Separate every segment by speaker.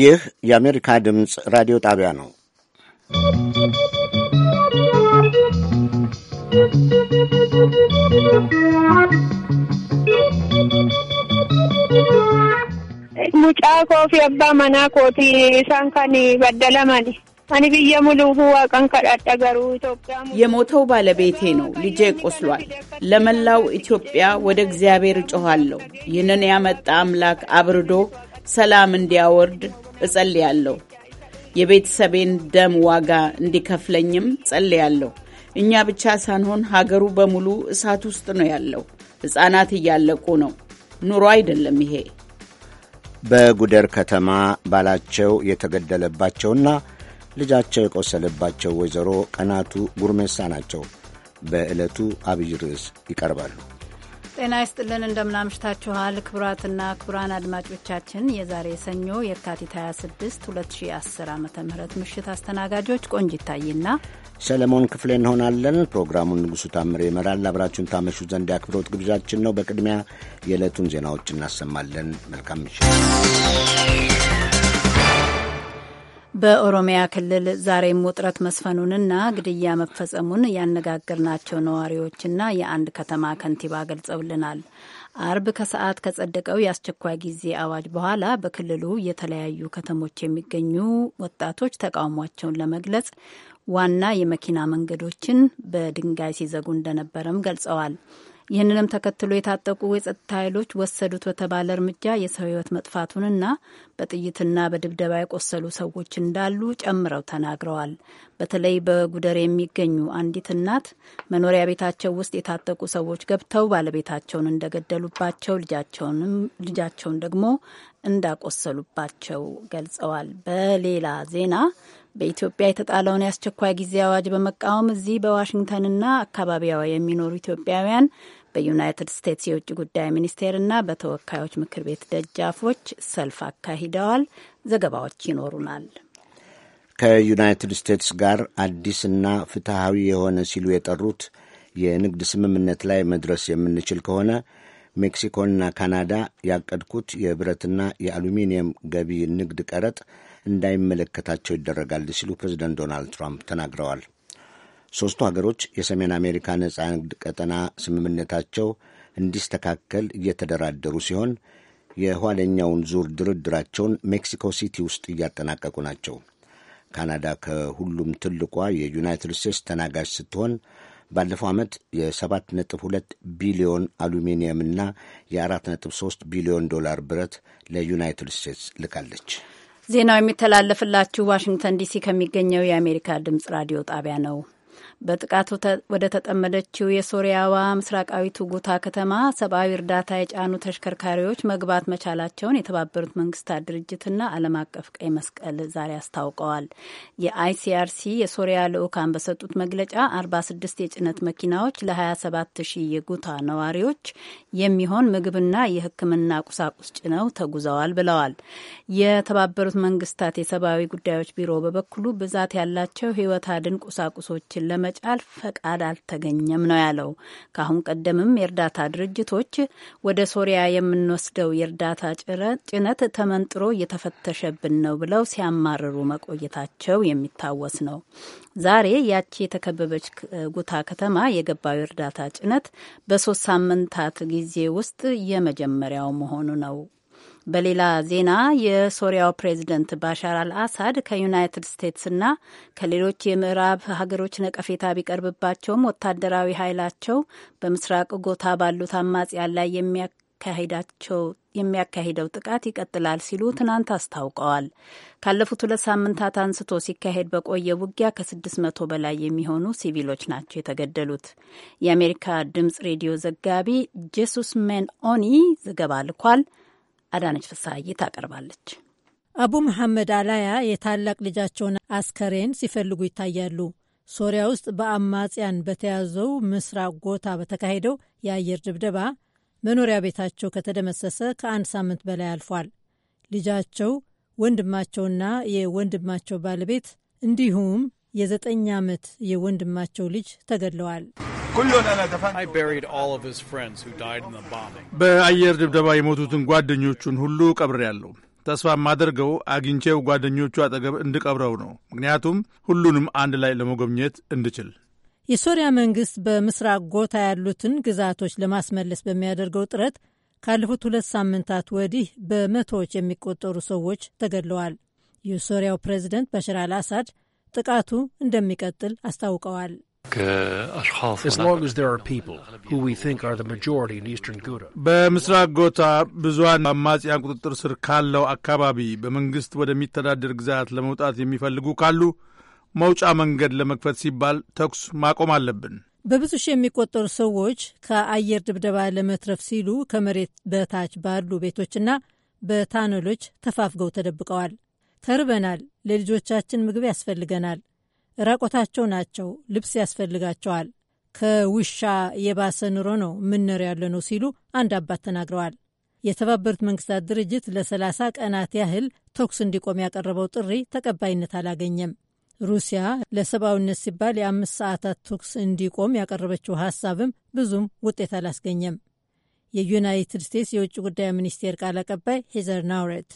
Speaker 1: ይህ የአሜሪካ ድምፅ ራዲዮ ጣቢያ ነው።
Speaker 2: ሙጫ ኮፊ አባ መና ኮቲ ሳንካኒ በደለመኒ አኒ ብየ ሙሉ ሁዋ ቀን ገሩ ኢትዮጵያ የሞተው ባለቤቴ ነው። ልጄ ቆስሏል። ለመላው ኢትዮጵያ ወደ እግዚአብሔር እጮኋለሁ። ይህንን ያመጣ አምላክ አብርዶ ሰላም እንዲያወርድ እጸልያለሁ። የቤተሰቤን ደም ዋጋ እንዲከፍለኝም ጸልያለሁ። እኛ ብቻ ሳንሆን ሀገሩ በሙሉ እሳት ውስጥ ነው ያለው። ሕፃናት እያለቁ ነው። ኑሮ አይደለም ይሄ።
Speaker 1: በጉደር ከተማ ባላቸው የተገደለባቸውና ልጃቸው የቆሰለባቸው ወይዘሮ ቀናቱ ጉርሜሳ ናቸው። በዕለቱ አብይ ርዕስ ይቀርባሉ።
Speaker 3: ጤና ይስጥልን እንደምናምሽታችኋል ክቡራትና ክቡራን አድማጮቻችን የዛሬ ሰኞ የካቲት 26 2010 ዓ ም ምሽት አስተናጋጆች ቆንጅ ይታይና
Speaker 1: ሰለሞን ክፍሌ እንሆናለን። ፕሮግራሙን ንጉሡ ታምር ይመራል። አብራችሁን ታመሹ ዘንድ የአክብሮት ግብዣችን ነው። በቅድሚያ የዕለቱን ዜናዎች እናሰማለን። መልካም ምሽት።
Speaker 3: በኦሮሚያ ክልል ዛሬም ውጥረት መስፈኑንና ግድያ መፈጸሙን ያነጋገርናቸው ነዋሪዎችና የአንድ ከተማ ከንቲባ ገልጸውልናል። አርብ ከሰዓት ከጸደቀው የአስቸኳይ ጊዜ አዋጅ በኋላ በክልሉ የተለያዩ ከተሞች የሚገኙ ወጣቶች ተቃውሟቸውን ለመግለጽ ዋና የመኪና መንገዶችን በድንጋይ ሲዘጉ እንደነበረም ገልጸዋል። ይህንንም ተከትሎ የታጠቁ የጸጥታ ኃይሎች ወሰዱት በተባለ እርምጃ የሰው ህይወት መጥፋቱንና በጥይትና በድብደባ የቆሰሉ ሰዎች እንዳሉ ጨምረው ተናግረዋል። በተለይ በጉደር የሚገኙ አንዲት እናት መኖሪያ ቤታቸው ውስጥ የታጠቁ ሰዎች ገብተው ባለቤታቸውን እንደገደሉባቸው፣ ልጃቸውን ደግሞ እንዳቆሰሉባቸው ገልጸዋል። በሌላ ዜና በኢትዮጵያ የተጣለውን የአስቸኳይ ጊዜ አዋጅ በመቃወም እዚህ በዋሽንግተንና አካባቢዋ የሚኖሩ ኢትዮጵያውያን በዩናይትድ ስቴትስ የውጭ ጉዳይ ሚኒስቴርና በተወካዮች ምክር ቤት ደጃፎች ሰልፍ አካሂደዋል። ዘገባዎች ይኖሩናል።
Speaker 1: ከዩናይትድ ስቴትስ ጋር አዲስና ፍትሐዊ የሆነ ሲሉ የጠሩት የንግድ ስምምነት ላይ መድረስ የምንችል ከሆነ ሜክሲኮና ካናዳ ያቀድኩት የብረትና የአሉሚኒየም ገቢ ንግድ ቀረጥ እንዳይመለከታቸው ይደረጋል ሲሉ ፕሬዚደንት ዶናልድ ትራምፕ ተናግረዋል። ሦስቱ ሀገሮች የሰሜን አሜሪካ ነጻ ንግድ ቀጠና ስምምነታቸው እንዲስተካከል እየተደራደሩ ሲሆን የኋለኛውን ዙር ድርድራቸውን ሜክሲኮ ሲቲ ውስጥ እያጠናቀቁ ናቸው። ካናዳ ከሁሉም ትልቋ የዩናይትድ ስቴትስ ተናጋጅ ስትሆን ባለፈው ዓመት የ7.2 ቢሊዮን አሉሚኒየምና የ4.3 ቢሊዮን ዶላር ብረት ለዩናይትድ ስቴትስ ልካለች።
Speaker 3: ዜናው የሚተላለፍላችሁ ዋሽንግተን ዲሲ ከሚገኘው የአሜሪካ ድምጽ ራዲዮ ጣቢያ ነው። በጥቃቱ ወደ ተጠመደችው የሶሪያዋ ምስራቃዊቱ ጉታ ከተማ ሰብአዊ እርዳታ የጫኑ ተሽከርካሪዎች መግባት መቻላቸውን የተባበሩት መንግስታት ድርጅትና ዓለም አቀፍ ቀይ መስቀል ዛሬ አስታውቀዋል። የአይሲአርሲ የሶሪያ ልዑካን በሰጡት መግለጫ 46 የጭነት መኪናዎች ለ27 ሺህ የጉታ ነዋሪዎች የሚሆን ምግብና የሕክምና ቁሳቁስ ጭነው ተጉዘዋል ብለዋል። የተባበሩት መንግስታት የሰብአዊ ጉዳዮች ቢሮ በበኩሉ ብዛት ያላቸው ህይወት አድን ቁሳቁሶችን ለመ ለመጫል ፈቃድ አልተገኘም ነው ያለው። ከአሁን ቀደምም የእርዳታ ድርጅቶች ወደ ሶሪያ የምንወስደው የእርዳታ ጭነት ተመንጥሮ እየተፈተሸብን ነው ብለው ሲያማርሩ መቆየታቸው የሚታወስ ነው። ዛሬ ያቺ የተከበበች ጉታ ከተማ የገባው የእርዳታ ጭነት በሶስት ሳምንታት ጊዜ ውስጥ የመጀመሪያው መሆኑ ነው። በሌላ ዜና የሶሪያው ፕሬዚደንት ባሻር አልአሳድ ከዩናይትድ ስቴትስና ከሌሎች የምዕራብ ሀገሮች ነቀፌታ ቢቀርብባቸውም ወታደራዊ ኃይላቸው በምስራቅ ጎታ ባሉት አማጽያን ላይ የሚያካሂዳቸው የሚያካሂደው ጥቃት ይቀጥላል ሲሉ ትናንት አስታውቀዋል። ካለፉት ሁለት ሳምንታት አንስቶ ሲካሄድ በቆየ ውጊያ ከስድስት መቶ በላይ የሚሆኑ ሲቪሎች ናቸው የተገደሉት። የአሜሪካ ድምጽ ሬዲዮ ዘጋቢ ጄሱስ ሜን ኦኒ ዘገባ ልኳል። አዳነች ፍስሐዬ ታቀርባለች።
Speaker 4: አቡ መሐመድ አላያ የታላቅ ልጃቸውን አስከሬን ሲፈልጉ ይታያሉ። ሶሪያ ውስጥ በአማጽያን በተያዘው ምስራቅ ጎታ በተካሄደው የአየር ድብደባ መኖሪያ ቤታቸው ከተደመሰሰ ከአንድ ሳምንት በላይ አልፏል። ልጃቸው ወንድማቸውና የወንድማቸው ባለቤት እንዲሁም የዘጠኝ ዓመት የወንድማቸው ልጅ ተገድለዋል።
Speaker 5: በአየር ድብደባ የሞቱትን ጓደኞቹን ሁሉ ቀብሬያለሁ። ተስፋ ማደርገው አግኝቼው ጓደኞቹ አጠገብ እንድቀብረው ነው። ምክንያቱም ሁሉንም አንድ ላይ ለመጎብኘት እንድችል።
Speaker 4: የሶሪያ መንግስት በምስራቅ ጎታ ያሉትን ግዛቶች ለማስመለስ በሚያደርገው ጥረት ካለፉት ሁለት ሳምንታት ወዲህ በመቶዎች የሚቆጠሩ ሰዎች ተገድለዋል። የሶሪያው ፕሬዚደንት ባሻር አልአሳድ ጥቃቱ እንደሚቀጥል አስታውቀዋል።
Speaker 6: as
Speaker 7: long as there are people who we think are
Speaker 5: በምስራቅ ጎታ ብዙሀን አማጽያን ቁጥጥር ስር ካለው አካባቢ በመንግስት ወደሚተዳደር ግዛት ለመውጣት የሚፈልጉ ካሉ መውጫ መንገድ ለመክፈት ሲባል ተኩስ ማቆም አለብን።
Speaker 4: በብዙ ሺህ የሚቆጠሩ ሰዎች ከአየር ድብደባ ለመትረፍ ሲሉ ከመሬት በታች ባሉ ቤቶችና በታነሎች ተፋፍገው ተደብቀዋል። ተርበናል፣ ለልጆቻችን ምግብ ያስፈልገናል ራቆታቸው ናቸው፣ ልብስ ያስፈልጋቸዋል። ከውሻ የባሰ ኑሮ ነው ምንኖር ያለ ነው ሲሉ አንድ አባት ተናግረዋል። የተባበሩት መንግስታት ድርጅት ለሰላሳ ቀናት ያህል ተኩስ እንዲቆም ያቀረበው ጥሪ ተቀባይነት አላገኘም። ሩሲያ ለሰብአዊነት ሲባል የአምስት ሰዓታት ተኩስ እንዲቆም ያቀረበችው ሀሳብም ብዙም ውጤት አላስገኘም። የዩናይትድ ስቴትስ የውጭ ጉዳይ ሚኒስቴር ቃል አቀባይ ሂዘር ናውረት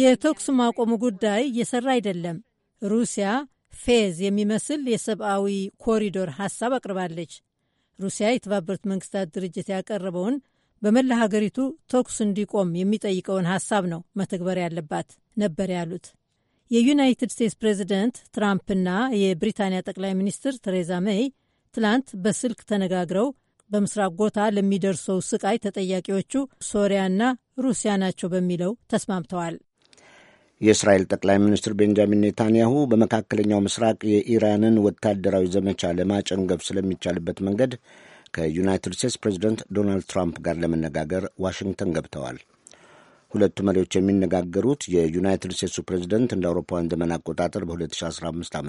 Speaker 4: የተኩስ ማቆሙ ጉዳይ እየሰራ አይደለም። ሩሲያ ፌዝ የሚመስል የሰብአዊ ኮሪዶር ሀሳብ አቅርባለች። ሩሲያ የተባበሩት መንግስታት ድርጅት ያቀረበውን በመላ ሀገሪቱ ተኩስ እንዲቆም የሚጠይቀውን ሀሳብ ነው መተግበር ያለባት ነበር ያሉት የዩናይትድ ስቴትስ ፕሬዚደንት ትራምፕና የብሪታንያ ጠቅላይ ሚኒስትር ቴሬዛ ሜይ ትላንት በስልክ ተነጋግረው በምስራቅ ጎታ ለሚደርሰው ስቃይ ተጠያቂዎቹ ሶሪያና ሩሲያ ናቸው በሚለው ተስማምተዋል።
Speaker 1: የእስራኤል ጠቅላይ ሚኒስትር ቤንጃሚን ኔታንያሁ በመካከለኛው ምስራቅ የኢራንን ወታደራዊ ዘመቻ ለማጨንገብ ስለሚቻልበት መንገድ ከዩናይትድ ስቴትስ ፕሬዚደንት ዶናልድ ትራምፕ ጋር ለመነጋገር ዋሽንግተን ገብተዋል። ሁለቱ መሪዎች የሚነጋገሩት የዩናይትድ ስቴትሱ ፕሬዚደንት እንደ አውሮፓውያን ዘመን አቆጣጠር በ2015 ዓ ም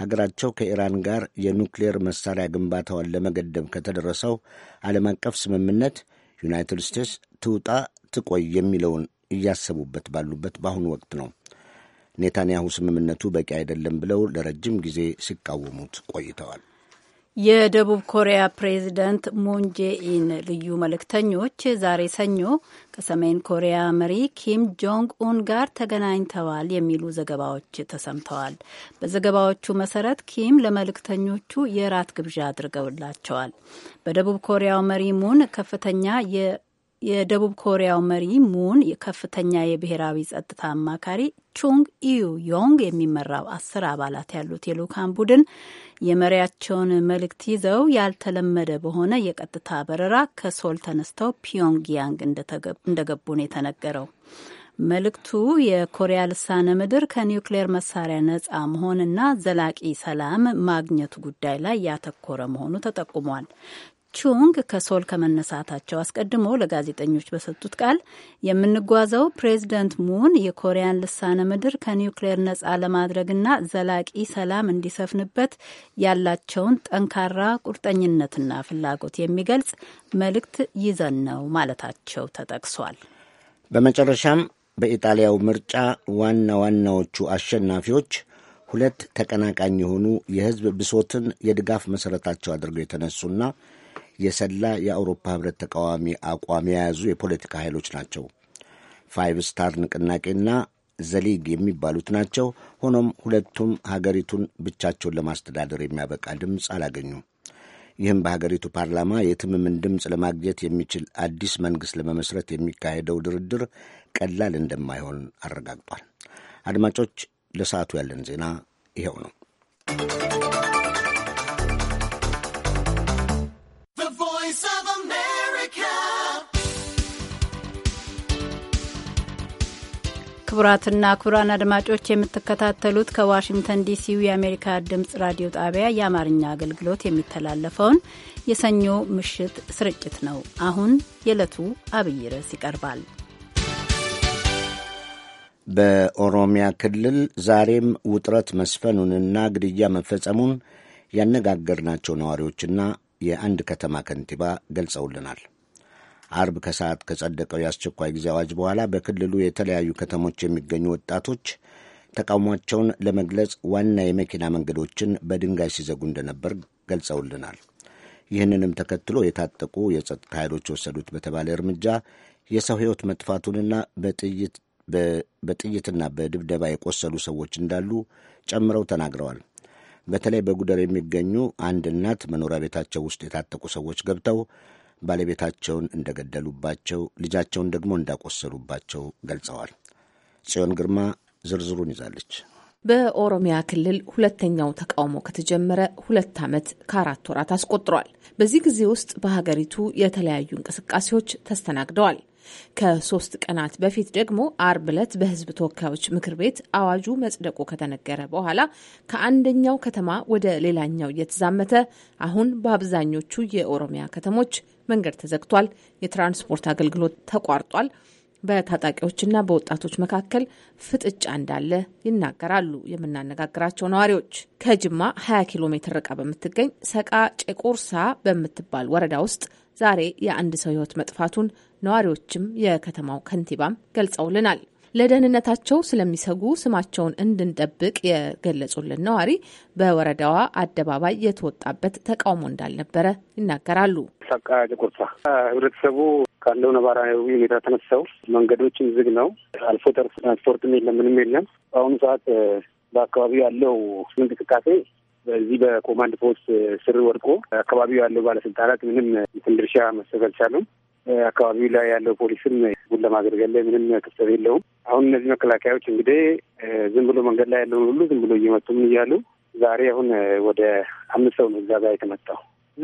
Speaker 1: ሀገራቸው ከኢራን ጋር የኑክሌር መሳሪያ ግንባታዋን ለመገደብ ከተደረሰው ዓለም አቀፍ ስምምነት ዩናይትድ ስቴትስ ትውጣ ትቆይ የሚለውን እያሰቡበት ባሉበት በአሁኑ ወቅት ነው። ኔታንያሁ ስምምነቱ በቂ አይደለም ብለው ለረጅም ጊዜ ሲቃወሙት ቆይተዋል።
Speaker 4: የደቡብ
Speaker 3: ኮሪያ ፕሬዚደንት ሙንጄኢን ልዩ መልእክተኞች ዛሬ ሰኞ ከሰሜን ኮሪያ መሪ ኪም ጆንግ ኡን ጋር ተገናኝተዋል የሚሉ ዘገባዎች ተሰምተዋል። በዘገባዎቹ መሰረት ኪም ለመልእክተኞቹ የራት ግብዣ አድርገውላቸዋል። በደቡብ ኮሪያው መሪ ሙን ከፍተኛ የደቡብ ኮሪያው መሪ ሙን የከፍተኛ የብሔራዊ ጸጥታ አማካሪ ቹንግ ኢዩ ዮንግ የሚመራው አስር አባላት ያሉት የልኡካን ቡድን የመሪያቸውን መልእክት ይዘው ያልተለመደ በሆነ የቀጥታ በረራ ከሶል ተነስተው ፒዮንግያንግ እንደገቡ ነው የተነገረው። መልእክቱ የኮሪያ ልሳነ ምድር ከኒውክሌር መሳሪያ ነጻ መሆንና ዘላቂ ሰላም ማግኘቱ ጉዳይ ላይ ያተኮረ መሆኑ ተጠቁሟል። ቹንግ ከሶል ከመነሳታቸው አስቀድሞ ለጋዜጠኞች በሰጡት ቃል የምንጓዘው ፕሬዚደንት ሙን የኮሪያን ልሳነ ምድር ከኒውክሌር ነጻ ለማድረግና ዘላቂ ሰላም እንዲሰፍንበት ያላቸውን ጠንካራ ቁርጠኝነትና ፍላጎት የሚገልጽ መልእክት ይዘን ነው ማለታቸው ተጠቅሷል።
Speaker 1: በመጨረሻም በኢጣሊያው ምርጫ ዋና ዋናዎቹ አሸናፊዎች ሁለት ተቀናቃኝ የሆኑ የሕዝብ ብሶትን የድጋፍ መሠረታቸው አድርገው የተነሱና የሰላ የአውሮፓ ህብረት ተቃዋሚ አቋም የያዙ የፖለቲካ ኃይሎች ናቸው። ፋይቭ ስታር ንቅናቄና ዘሊግ የሚባሉት ናቸው። ሆኖም ሁለቱም ሀገሪቱን ብቻቸውን ለማስተዳደር የሚያበቃ ድምፅ አላገኙም። ይህም በሀገሪቱ ፓርላማ የትምምን ድምፅ ለማግኘት የሚችል አዲስ መንግሥት ለመመስረት የሚካሄደው ድርድር ቀላል እንደማይሆን አረጋግጧል። አድማጮች፣ ለሰዓቱ ያለን ዜና ይኸው ነው።
Speaker 3: ክቡራትና ክቡራን አድማጮች የምትከታተሉት ከዋሽንግተን ዲሲው የአሜሪካ ድምጽ ራዲዮ ጣቢያ የአማርኛ አገልግሎት የሚተላለፈውን የሰኞ ምሽት ስርጭት ነው። አሁን የዕለቱ አብይ ርዕስ ይቀርባል።
Speaker 1: በኦሮሚያ ክልል ዛሬም ውጥረት መስፈኑንና ግድያ መፈጸሙን ያነጋገርናቸው ነዋሪዎችና የአንድ ከተማ ከንቲባ ገልጸውልናል። አርብ ከሰዓት ከጸደቀው የአስቸኳይ ጊዜ አዋጅ በኋላ በክልሉ የተለያዩ ከተሞች የሚገኙ ወጣቶች ተቃውሟቸውን ለመግለጽ ዋና የመኪና መንገዶችን በድንጋይ ሲዘጉ እንደነበር ገልጸውልናል። ይህንንም ተከትሎ የታጠቁ የጸጥታ ኃይሎች ወሰዱት በተባለ እርምጃ የሰው ሕይወት መጥፋቱንና በጥይትና በድብደባ የቆሰሉ ሰዎች እንዳሉ ጨምረው ተናግረዋል። በተለይ በጉደር የሚገኙ አንድ እናት መኖሪያ ቤታቸው ውስጥ የታጠቁ ሰዎች ገብተው ባለቤታቸውን እንደገደሉባቸው፣ ልጃቸውን ደግሞ እንዳቆሰሉባቸው ገልጸዋል። ጽዮን ግርማ ዝርዝሩን ይዛለች።
Speaker 2: በኦሮሚያ ክልል ሁለተኛው ተቃውሞ ከተጀመረ ሁለት ዓመት ከአራት ወራት አስቆጥሯል። በዚህ ጊዜ ውስጥ በሀገሪቱ የተለያዩ እንቅስቃሴዎች ተስተናግደዋል። ከሶስት ቀናት በፊት ደግሞ አርብ ዕለት በህዝብ ተወካዮች ምክር ቤት አዋጁ መጽደቁ ከተነገረ በኋላ ከአንደኛው ከተማ ወደ ሌላኛው እየተዛመተ አሁን በአብዛኞቹ የኦሮሚያ ከተሞች መንገድ ተዘግቷል፣ የትራንስፖርት አገልግሎት ተቋርጧል፣ በታጣቂዎችና በወጣቶች መካከል ፍጥጫ እንዳለ ይናገራሉ የምናነጋግራቸው ነዋሪዎች። ከጅማ 20 ኪሎ ሜትር ርቃ በምትገኝ ሰቃ ጨቆርሳ በምትባል ወረዳ ውስጥ ዛሬ የአንድ ሰው ህይወት መጥፋቱን ነዋሪዎችም የከተማው ከንቲባም ገልጸውልናል። ለደህንነታቸው ስለሚሰጉ ስማቸውን እንድንጠብቅ የገለጹልን ነዋሪ በወረዳዋ አደባባይ የተወጣበት ተቃውሞ እንዳልነበረ ይናገራሉ።
Speaker 8: ሳቃ ቁርሳ ህብረተሰቡ ካለው ነባራዊ ሁኔታ ተነሳው መንገዶችም ዝግ ነው። አልፎ ተርፎ ትራንስፖርትም የለም፣ ምንም የለም። በአሁኑ ሰዓት በአካባቢው ያለው እንቅስቃሴ በዚህ በኮማንድ ፖስት ስር ወድቆ አካባቢው ያለው ባለስልጣናት ምንም እንትን ድርሻ መስጠት አልቻሉም። አካባቢው ላይ ያለው ፖሊስም ህዝቡን ለማገልገል ላይ ምንም ክፍተት የለውም። አሁን እነዚህ መከላከያዎች እንግዲህ ዝም ብሎ መንገድ ላይ ያለውን ሁሉ ዝም ብሎ እየመቱ ምን እያሉ ዛሬ አሁን ወደ አምስት ሰው ነው እዛ ጋር የተመጣው።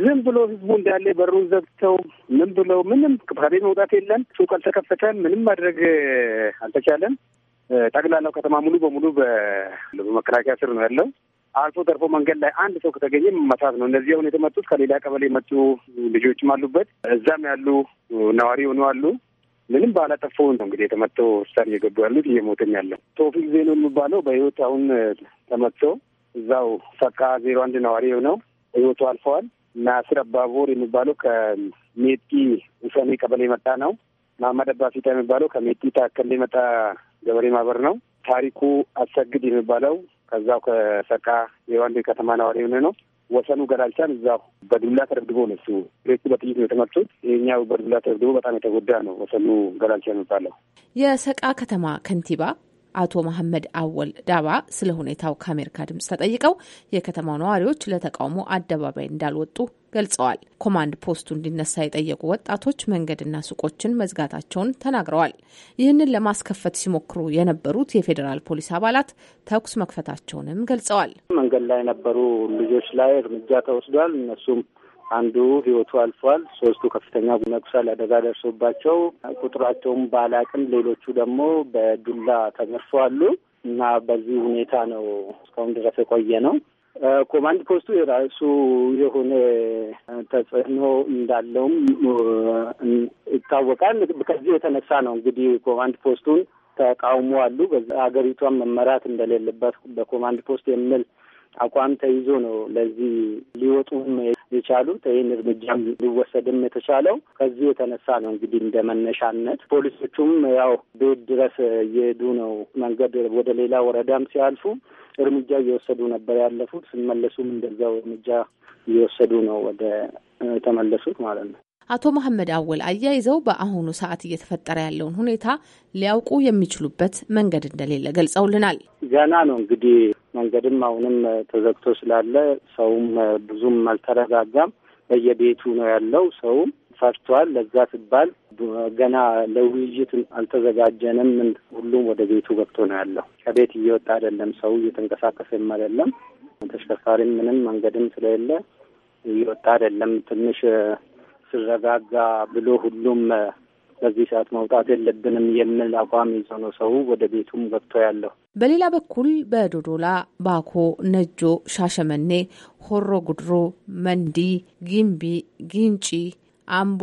Speaker 8: ዝም ብሎ ህዝቡ እንዳለ በሩን ዘግተው ምን ብለው ምንም ከቤት መውጣት የለም። ሱቅ አልተከፈተም። ምንም ማድረግ አልተቻለም። ጠቅላላው ከተማ ሙሉ በሙሉ በመከላከያ ስር ነው ያለው። አልፎ ተርፎ መንገድ ላይ አንድ ሰው ከተገኘ መመታት ነው። እነዚህ አሁን የተመጡት ከሌላ ቀበሌ የመጡ ልጆችም አሉበት። እዛም ያሉ ነዋሪ የሆኑ አሉ። ምንም ባላጠፋው ነው እንግዲህ የተመተው ውሳኔ የገቡ ያሉት እየሞተኝ ያለው ቶፊክ ዜኖ የሚባለው በህይወት አሁን ተመቶ እዛው ፈቃ ዜሮ አንድ ነዋሪ የሆነው ህይወቱ አልፈዋል። ናስር አባቦር የሚባለው ከሜጢ ውሰኔ ቀበሌ የመጣ ነው። መሀመድ አባፊታ የሚባለው ከሜጢ ታከል የመጣ ገበሬ ማህበር ነው። ታሪኩ አሰግድ የሚባለው ከዛው ከሰቃ የዋንዴ ከተማ ነዋሪ የሆነ ነው። ወሰኑ ገላልቻን እዛው በዱላ ተደብድቦ ነው እሱ። ሬቱ በጥይት ነው የተመቱት። ይህኛው በዱላ ተደብድቦ በጣም የተጎዳ ነው። ወሰኑ ገላልቻ የሚባለው
Speaker 2: የሰቃ ከተማ ከንቲባ አቶ መሐመድ አወል ዳባ ስለ ሁኔታው ከአሜሪካ ድምጽ ተጠይቀው የከተማው ነዋሪዎች ለተቃውሞ አደባባይ እንዳልወጡ ገልጸዋል። ኮማንድ ፖስቱ እንዲነሳ የጠየቁ ወጣቶች መንገድና ሱቆችን መዝጋታቸውን ተናግረዋል። ይህንን ለማስከፈት ሲሞክሩ የነበሩት የፌዴራል ፖሊስ አባላት ተኩስ መክፈታቸውንም ገልጸዋል።
Speaker 8: መንገድ ላይ የነበሩ ልጆች ላይ እርምጃ ተወስዷል። እነሱም አንዱ ህይወቱ አልፏል። ሶስቱ ከፍተኛ መቁሰል አደጋ ደርሶባቸው ቁጥራቸውን ባላቅም ሌሎቹ ደግሞ በዱላ ተገርፈው አሉ እና በዚህ ሁኔታ ነው እስካሁን ድረስ የቆየ ነው። ኮማንድ ፖስቱ የራሱ የሆነ ተጽዕኖ እንዳለውም ይታወቃል። ከዚህ የተነሳ ነው እንግዲህ ኮማንድ ፖስቱን ተቃውሞ አሉ። ሀገሪቷን መመራት እንደሌለበት በኮማንድ ፖስት የሚል አቋም ተይዞ ነው ለዚህ ሊወጡም የቻሉት ይህን እርምጃ ሊወሰድም የተቻለው ከዚህ የተነሳ ነው። እንግዲህ እንደ መነሻነት ፖሊሶቹም ያው ቤት ድረስ እየሄዱ ነው። መንገድ ወደ ሌላ ወረዳም ሲያልፉ እርምጃ እየወሰዱ ነበር ያለፉት። ስንመለሱም እንደዚያው እርምጃ እየወሰዱ ነው ወደ ተመለሱት ማለት ነው።
Speaker 2: አቶ መሐመድ አወል አያይዘው በአሁኑ ሰዓት እየተፈጠረ ያለውን ሁኔታ ሊያውቁ የሚችሉበት መንገድ እንደሌለ ገልጸውልናል።
Speaker 8: ገና ነው እንግዲህ መንገድም አሁንም ተዘግቶ ስላለ ሰውም ብዙም አልተረጋጋም። በየቤቱ ነው ያለው። ሰውም ፈርቷል። ለዛ ሲባል ገና ለውይይት አልተዘጋጀንም። ሁሉም ወደ ቤቱ ገብቶ ነው ያለው። ከቤት እየወጣ አይደለም። ሰው እየተንቀሳቀሰም አይደለም። ተሽከርካሪም ምንም መንገድም ስለሌለ እየወጣ አይደለም። ትንሽ ስረጋጋ ብሎ ሁሉም በዚህ ሰዓት መውጣት የለብንም የሚል አቋም ይዞ ነው ሰው ወደ ቤቱም ገብቶ ያለው።
Speaker 2: በሌላ በኩል በዶዶላ፣ ባኮ፣ ነጆ፣ ሻሸመኔ፣ ሆሮ ጉድሮ፣ መንዲ፣ ጊምቢ፣ ጊንጪ፣ አምቦ፣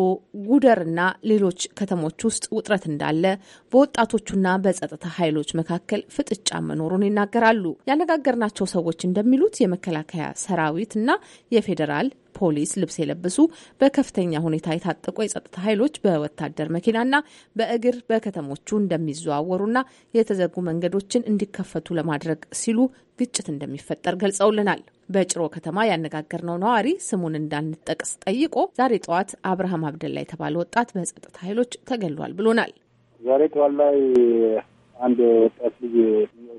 Speaker 2: ጉደር እና ሌሎች ከተሞች ውስጥ ውጥረት እንዳለ በወጣቶቹና በጸጥታ ኃይሎች መካከል ፍጥጫ መኖሩን ይናገራሉ። ያነጋገርናቸው ሰዎች እንደሚሉት የመከላከያ ሰራዊት እና የፌዴራል ፖሊስ ልብስ የለበሱ በከፍተኛ ሁኔታ የታጠቁ የጸጥታ ኃይሎች በወታደር መኪናና በእግር በከተሞቹ እንደሚዘዋወሩና የተዘጉ መንገዶችን እንዲከፈቱ ለማድረግ ሲሉ ግጭት እንደሚፈጠር ገልጸውልናል። በጭሮ ከተማ ያነጋገርነው ነዋሪ ስሙን እንዳንጠቅስ ጠይቆ ዛሬ ጠዋት አብርሃም አብደላ የተባለ ወጣት በጸጥታ ኃይሎች ተገሏል ብሎናል።
Speaker 8: ዛሬ ጠዋት ላይ አንድ ወጣት ልጅ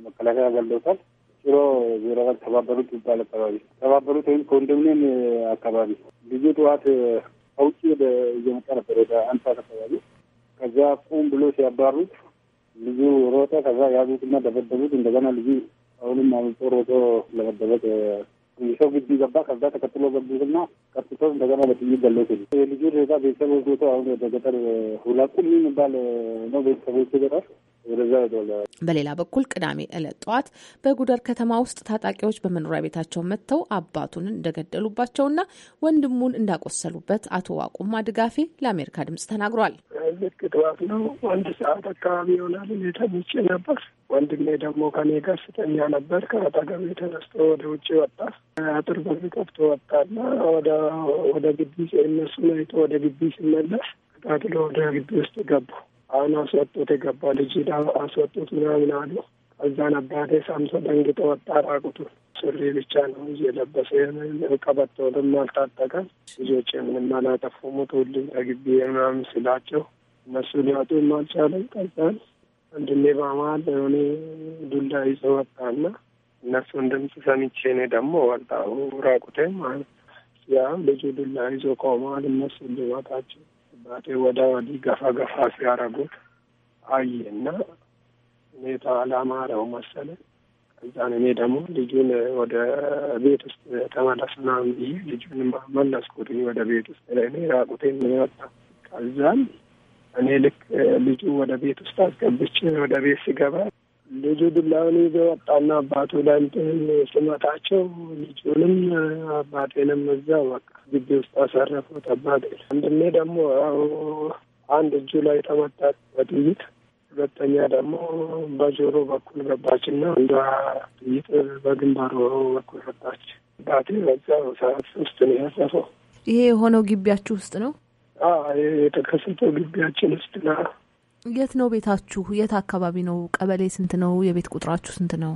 Speaker 8: መከላከያ ገለውታል። ጭሮ ዜሮ ተባበሩት ይባል አካባቢ ተባበሩት ወይም ኮንዶሚኒየም አካባቢ ልጁ ጠዋት ከውጭ ወደ እየመጣ ነበር ወደ አንድ ሰዓት አካባቢ ከዚያ ቁም ብሎ ሲያባሩት ልጁ ሮጠ። ከዛ ያዙትና ደበደቡት። እንደገና ልጁ አሁንም አብልጦ ሮጦ ለመደበቅ የሰው ግቢ ገባ። ከዛ ተከትሎ ገቡትና ቀጥቶ እንደገና በጥይት ገለት የልጁ ሬሳ ቤተሰቦች ወስዶቶ አሁን ወደ ገጠር ሁላቁ የሚባል ነው ቤተሰቦች ገጠር
Speaker 2: በሌላ በኩል ቅዳሜ ዕለት ጠዋት በጉደር ከተማ ውስጥ ታጣቂዎች በመኖሪያ ቤታቸው መጥተው አባቱን እንደገደሉባቸውና ወንድሙን እንዳቆሰሉበት አቶ ዋቁማ ድጋፌ ለአሜሪካ ድምጽ ተናግሯል።
Speaker 8: ልክ ጠዋት ነው፣ አንድ ሰዓት አካባቢ ይሆናል። እኔ ተኝቼ ነበር። ወንድሜ ደግሞ ከኔ ጋር ስተኛ ነበር። ከአጠገቤ የተነስቶ ወደ ውጭ ወጣ። አጥር በር ከፍቶ ወጣና ወደ ግቢ እነሱን ወደ ግቢ ሲመለስ ተቃጥሎ ወደ ግቢ ውስጥ ገቡ። አሁን አስወጡት የገባ ልጅ ዳ አስወጡት ምናምን አሉ። ከዛን አባቴ ሰምቶ ደንግጦ ወጣ። ራቁቱ ሱሪ ብቻ ነው እየለበሰ ቀበቶንም አልታጠቀም። ልጆች ምንም አላጠፉም። ውጡልኝ ከግቢ ምናምን ስላቸው እነሱ ሊያጡ አልቻለም። ቀዛን አንድኔ በመሀል እኔ ዱላ ይዞ ወጣና እነሱን ድምፅ ሰምቼ እኔ ደግሞ ወጣሁ ራቁቴ ማለት ያው ልጁ ዱላ ይዞ ቆመዋል። እነሱ ሊመታቸው አባቴ ወደ ወዲህ ገፋ ገፋ ሲያደርጉት አየ እና ሁኔታ አላማረው መሰለ። ከዛን እኔ ደግሞ ልጁን ወደ ቤት ውስጥ ተመለስና ይህ ብዬ ልጁን መለስኩትኝ ወደ ቤት ውስጥ ለእኔ ራቁቴ ወጣ። ከዛም እኔ ልክ ልጁ ወደ ቤት ውስጥ አስገብቼ ወደ ቤት ሲገባ ልጁ ዱላውን ይዞ ወጣና አባቱ ላይ ስመታቸው ልጁንም አባቴንም እዛው በቃ ግቢ ውስጥ አሳረፉት። አባቴ አንድኔ ደግሞ አንድ እጁ ላይ ተመታ በጥይት ሁለተኛ ደግሞ በጆሮ በኩል ገባችና አንዷ ጥይት በግንባሮ በኩል ገባች። አባቴ በዛው ሰዓት ውስጥ ነው ያረፈው።
Speaker 2: ይሄ የሆነው ግቢያችሁ ውስጥ ነው?
Speaker 8: አዎ የተከሰተው ግቢያችን ውስጥ ነው።
Speaker 2: የት ነው ቤታችሁ? የት አካባቢ ነው? ቀበሌ ስንት ነው? የቤት ቁጥራችሁ ስንት ነው?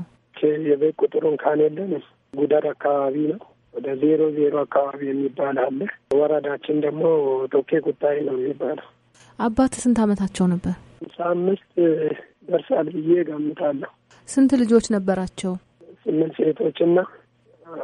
Speaker 8: የቤት ቁጥሩን ካን የለን ጉደር አካባቢ ነው። ወደ ዜሮ ዜሮ አካባቢ የሚባል አለ። ወረዳችን ደግሞ ቶኬ ቁጣይ ነው የሚባለው።
Speaker 2: አባት ስንት አመታቸው ነበር?
Speaker 8: አምሳ አምስት ደርሳል ብዬ ገምታለሁ።
Speaker 2: ስንት ልጆች ነበራቸው?
Speaker 8: ስምንት ሴቶችና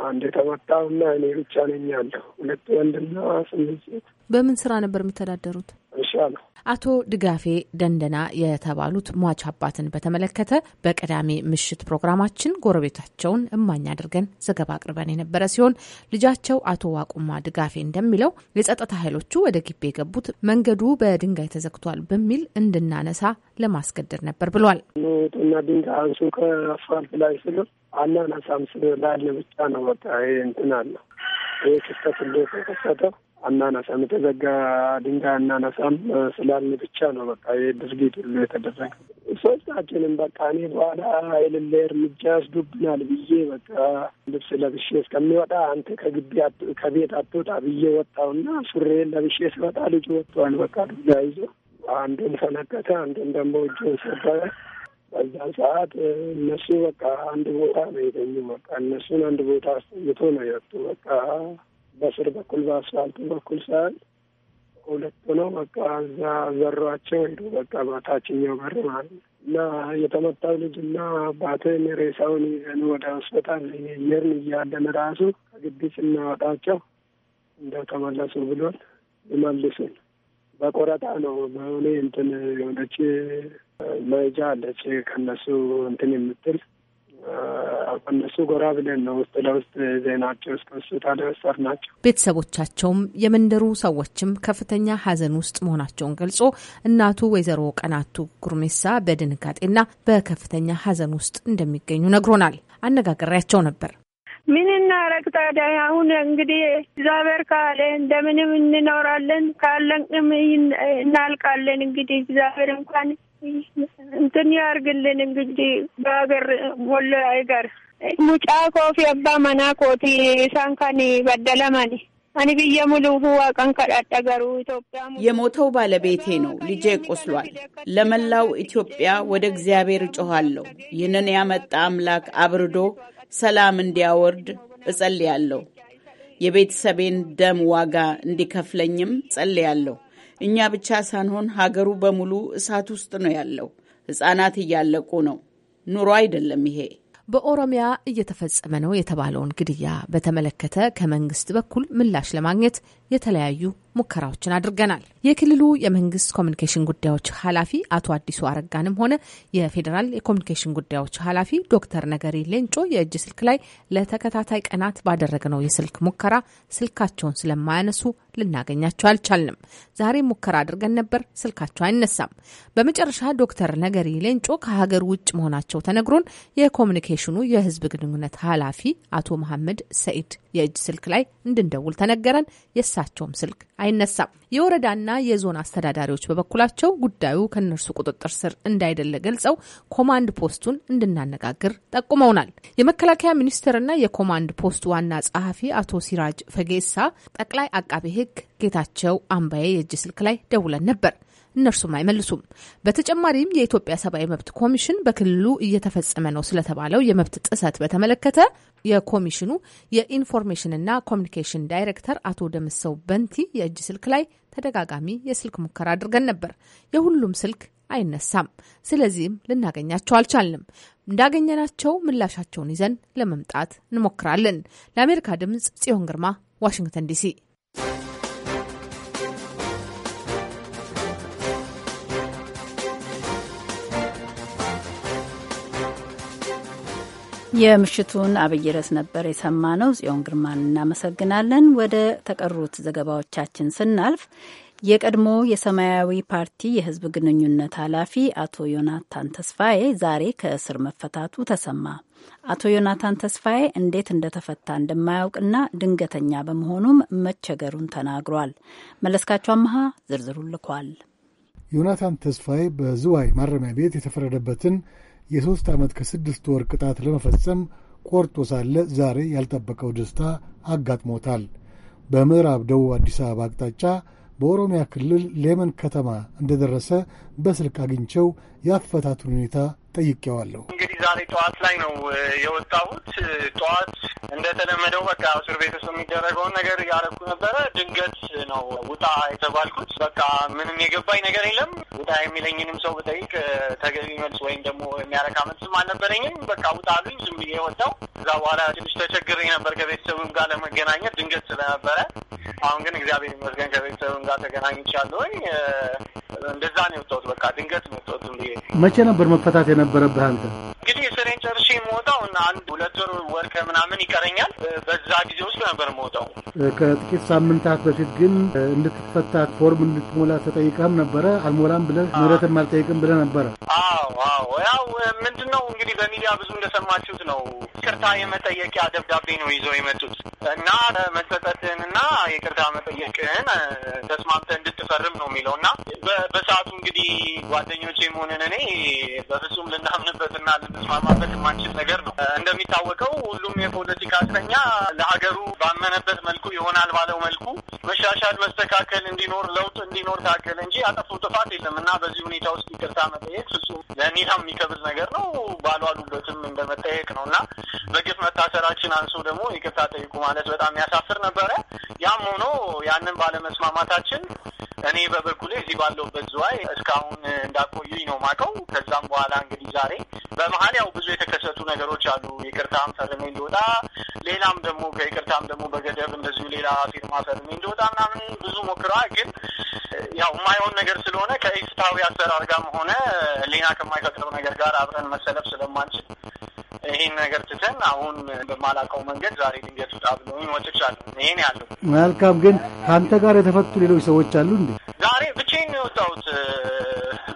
Speaker 8: አንድ የተመታውና እኔ ብቻ ነኝ ያለሁ። ሁለት ወንድና
Speaker 2: ስምንት ሴት። በምን ስራ ነበር የሚተዳደሩት? እርሻ ነው። አቶ ድጋፌ ደንደና የተባሉት ሟች አባትን በተመለከተ በቅዳሜ ምሽት ፕሮግራማችን ጎረቤታቸውን እማኝ አድርገን ዘገባ አቅርበን የነበረ ሲሆን ልጃቸው አቶ ዋቁማ ድጋፌ እንደሚለው የጸጥታ ኃይሎቹ ወደ ግቢ የገቡት መንገዱ በድንጋይ ተዘግቷል በሚል እንድናነሳ ለማስገደድ ነበር ብሏል።
Speaker 8: እና ድንጋይ አንሱ ከአስፋልት ላይ ስል አናናሳም ላለ ብቻ ነው በቃ እንትን አለ ይህ ክስተት እንደተከሰተው አናነሳም የተዘጋ ድንጋይ አናነሳም ስላልን ብቻ ነው በቃ ድርጊት ሁሉ የተደረገ። ሶስታችንም በቃ እኔ በኋላ የሌለ እርምጃ ያስዱብናል ብዬ በቃ ልብስ ለብሼ እስከሚወጣ አንተ ከግቢ ከቤት አትወጣ ብዬ ወጣውና ሱሬን ለብሼ ስወጣ ልጅ ወጥቷል። በቃ ዱላ ይዞ አንዱን ፈነከተ፣ አንዱን ደንበ እጁን ሰበረ። በዛን ሰዓት እነሱ በቃ አንድ ቦታ ነው የተኙ። በቃ እነሱን አንድ ቦታ አስተኝቶ ነው የወጡ በቃ በስር በኩል በአስፋልቱ በኩል ሳይሆን ሁለት ሆነው በቃ እዛ ዘሯቸው ሄዱ። በቃ በታችኛው በር ማለት ነው። እና የተመታው ልጅና አባትን ሬሳውን ይዘን ወደ ሆስፒታል እየርን እያለን ራሱ ከግቢ ስናወጣቸው እንደው ተመለሱ ብሎን ይመልሱን በቆረጣ ነው። በሆኔ እንትን የሆነች መጃ አለች ከነሱ እንትን የምትል እነሱ ጎራ ብለን ነው ውስጥ ለውስጥ ዜናቸው እስከ ሱታ ደረሳት ናቸው።
Speaker 2: ቤተሰቦቻቸውም የመንደሩ ሰዎችም ከፍተኛ ሀዘን ውስጥ መሆናቸውን ገልጾ እናቱ ወይዘሮ ቀናቱ ጉርሜሳ በድንጋጤና በከፍተኛ ሀዘን ውስጥ እንደሚገኙ ነግሮናል። አነጋገሪያቸው ነበር።
Speaker 8: ምን እናረግ ታዲያ? አሁን እንግዲህ እግዚአብሔር ካለ እንደምንም እንኖራለን፣ ካለንም እናልቃለን። እንግዲህ እግዚአብሔር እንኳን እንትን ያርግልን እንግዲ በሀገር ሞሎ አይገር
Speaker 2: ሙጫ ኮፊ አባ መና ኮቲ ሳንካኒ ከን አኒ ብየ ሙሉ ሁዋ ቀን ከዳደ ኢትዮጵያ የሞተው ባለቤቴ ነው። ልጄ ቆስሏል። ለመላው ኢትዮጵያ ወደ እግዚአብሔር እጮኋለሁ። ይህንን ያመጣ አምላክ አብርዶ ሰላም እንዲያወርድ እጸልያለሁ። የቤተሰቤን ደም ዋጋ እንዲከፍለኝም ጸልያለሁ። እኛ ብቻ ሳንሆን ሀገሩ በሙሉ እሳት ውስጥ ነው ያለው። ህጻናት እያለቁ ነው። ኑሮ አይደለም ይሄ። በኦሮሚያ እየተፈጸመ ነው የተባለውን ግድያ በተመለከተ ከመንግስት በኩል ምላሽ ለማግኘት የተለያዩ ሙከራዎችን አድርገናል። የክልሉ የመንግስት ኮሚኒኬሽን ጉዳዮች ኃላፊ አቶ አዲሱ አረጋንም ሆነ የፌዴራል የኮሚኒኬሽን ጉዳዮች ኃላፊ ዶክተር ነገሪ ሌንጮ የእጅ ስልክ ላይ ለተከታታይ ቀናት ባደረግነው የስልክ ሙከራ ስልካቸውን ስለማያነሱ ልናገኛቸው አልቻልንም። ዛሬ ሙከራ አድርገን ነበር፣ ስልካቸው አይነሳም። በመጨረሻ ዶክተር ነገሪ ሌንጮ ከሀገር ውጭ መሆናቸው ተነግሮን የኮሚኒኬሽኑ የህዝብ ግንኙነት ኃላፊ አቶ መሐመድ ሰኢድ የእጅ ስልክ ላይ እንድንደውል ተነገረን። የእሳቸውም ስልክ አይነሳም። የወረዳና የዞን አስተዳዳሪዎች በበኩላቸው ጉዳዩ ከእነርሱ ቁጥጥር ስር እንዳይደለ ገልጸው ኮማንድ ፖስቱን እንድናነጋግር ጠቁመውናል። የመከላከያ ሚኒስትርና የኮማንድ ፖስቱ ዋና ጸሐፊ አቶ ሲራጅ ፈጌሳ ጠቅላይ አቃቤ ሕግ ጌታቸው አምባዬ የእጅ ስልክ ላይ ደውለን ነበር። እነርሱም አይመልሱም። በተጨማሪም የኢትዮጵያ ሰብአዊ መብት ኮሚሽን በክልሉ እየተፈጸመ ነው ስለተባለው የመብት ጥሰት በተመለከተ የኮሚሽኑ የኢንፎርሜሽንና ኮሚኒኬሽን ዳይሬክተር አቶ ደምሰው በንቲ የእጅ ስልክ ላይ ተደጋጋሚ የስልክ ሙከራ አድርገን ነበር። የሁሉም ስልክ አይነሳም። ስለዚህም ልናገኛቸው አልቻልንም። እንዳገኘናቸው ምላሻቸውን ይዘን ለመምጣት እንሞክራለን። ለአሜሪካ ድምጽ ጽዮን ግርማ ዋሽንግተን ዲሲ
Speaker 3: የምሽቱን አብይ ርዕስ ነበር የሰማ ነው። ጽዮን ግርማን እናመሰግናለን። ወደ ተቀሩት ዘገባዎቻችን ስናልፍ የቀድሞ የሰማያዊ ፓርቲ የህዝብ ግንኙነት ኃላፊ አቶ ዮናታን ተስፋዬ ዛሬ ከእስር መፈታቱ ተሰማ። አቶ ዮናታን ተስፋዬ እንዴት እንደተፈታ እንደማያውቅና ድንገተኛ በመሆኑም መቸገሩን ተናግሯል። መለስካቸው አመሃ ዝርዝሩ ልኳል።
Speaker 9: ዮናታን ተስፋዬ በዝዋይ ማረሚያ ቤት የተፈረደበትን የሦስት ዓመት ከስድስት ወር ቅጣት ለመፈጸም ቆርጦ ሳለ ዛሬ ያልጠበቀው ደስታ አጋጥሞታል። በምዕራብ ደቡብ አዲስ አበባ አቅጣጫ በኦሮሚያ ክልል ሌመን ከተማ እንደደረሰ በስልክ አግኝቸው የአፈታቱን ሁኔታ ጠይቄዋለሁ። እንግዲህ ዛሬ ጠዋት ላይ ነው የወጣሁት። ጠዋት
Speaker 10: እንደተለመደው በቃ እስር ቤት ውስጥ የሚደረገውን ነገር ያደረኩ ነበረ። ድንገት ነው ውጣ የተባልኩት። በቃ ምንም የገባኝ ነገር የለም። ውጣ የሚለኝንም ሰው ብጠይቅ ተገቢ መልስ ወይም ደግሞ የሚያረካ መልስም አልነበረኝም። በቃ ውጣ አሉኝ። ዝም ብዬ ወጣው። እዛ በኋላ ትንሽ ተቸግሬ ነበር ከቤተሰብም ጋር ለመገናኘት ድንገት ስለነበረ። አሁን ግን እግዚአብሔር ይመስገን ከቤተሰብም ጋር ተገናኝቻለሁ። እንደዛ ነው የወጣሁት። በቃ ድንገት ነው የወጣሁት ዝም ብዬ። መቼ
Speaker 9: ነበር መፈታት የነበረብህ አንተ?
Speaker 10: እንግዲህ የምወጣው እና አንድ ሁለት ወር
Speaker 6: ወር ከምናምን ይቀረኛል። በዛ ጊዜ ውስጥ ነበር የምወጣው።
Speaker 9: ከጥቂት ሳምንታት በፊት ግን እንድትፈታ ፎርም እንድትሞላ ተጠይቀህም ነበረ። አልሞላም ብለህ ምህረትም አልጠይቅም ብለህ ነበረ።
Speaker 6: አዎ አዎ። ያው ምንድን ነው እንግዲህ በሚዲያ ብዙ እንደሰማችሁት ነው። ይቅርታ
Speaker 10: የመጠየቂያ ደብዳቤ ነው ይዘው የመጡት እና መጸጸትህን እና ይቅርታ መጠየቅህን ተስማምተህ እንድትፈርም ነው የሚለው እና በሰዓቱ እንግዲህ ጓደኞች ሆንን እኔ በፍጹም ልናምንበት እና ልንስማማበት የማንችል ነገር ነገር ነው። እንደሚታወቀው ሁሉም የፖለቲካ እስረኛ ለሀገሩ ባመነበት መልኩ ይሆናል ባለው መልኩ መሻሻል፣ መስተካከል እንዲኖር ለውጥ እንዲኖር ታገል እንጂ ያጠፉ ጥፋት የለም እና በዚህ ሁኔታ ውስጥ ይቅርታ መጠየቅ ፍጹም ለእኔታ የሚከብድ ነገር ነው። ባሏሉበትም እንደ መጠየቅ ነው እና በግፍ መታሰራችን አንሶ ደግሞ ይቅርታ ጠይቁ ማለት በጣም ያሳፍር ነበረ። ያም ሆኖ ያንን ባለመስማማታችን እኔ በበኩሌ እዚህ ባለውበት ዝዋይ እስካሁን እንዳቆዩኝ ነው ማቀው። ከዛም በኋላ እንግዲህ ዛሬ በመሀል ያው ብዙ የተከሰቱ ነገር ነገሮች አሉ። ይቅርታም ፈርሜ እንዲወጣ ሌላም ደግሞ ከይቅርታም ደግሞ በገደብ እንደዚሁ ሌላ ፊርማ ፈርሜ እንዲወጣ ምናምን ብዙ ሞክረዋል። ግን ያው የማይሆን ነገር ስለሆነ ከኢፍትሐዊ አሰራር ጋርም ሆነ ሌና ከማይፈጥረው ነገር ጋር አብረን መሰለፍ ስለማንችል ይህን ነገር ትተን አሁን በማላውቀው መንገድ ዛሬ ድንገት ውጣ ብለውኝ ወጥቻለሁ። ይሄን ያለው
Speaker 9: መልካም። ግን ከአንተ ጋር የተፈቱ ሌሎች ሰዎች አሉ እንዴ?
Speaker 10: ዛሬ ብቻዬን ነው የወጣሁት።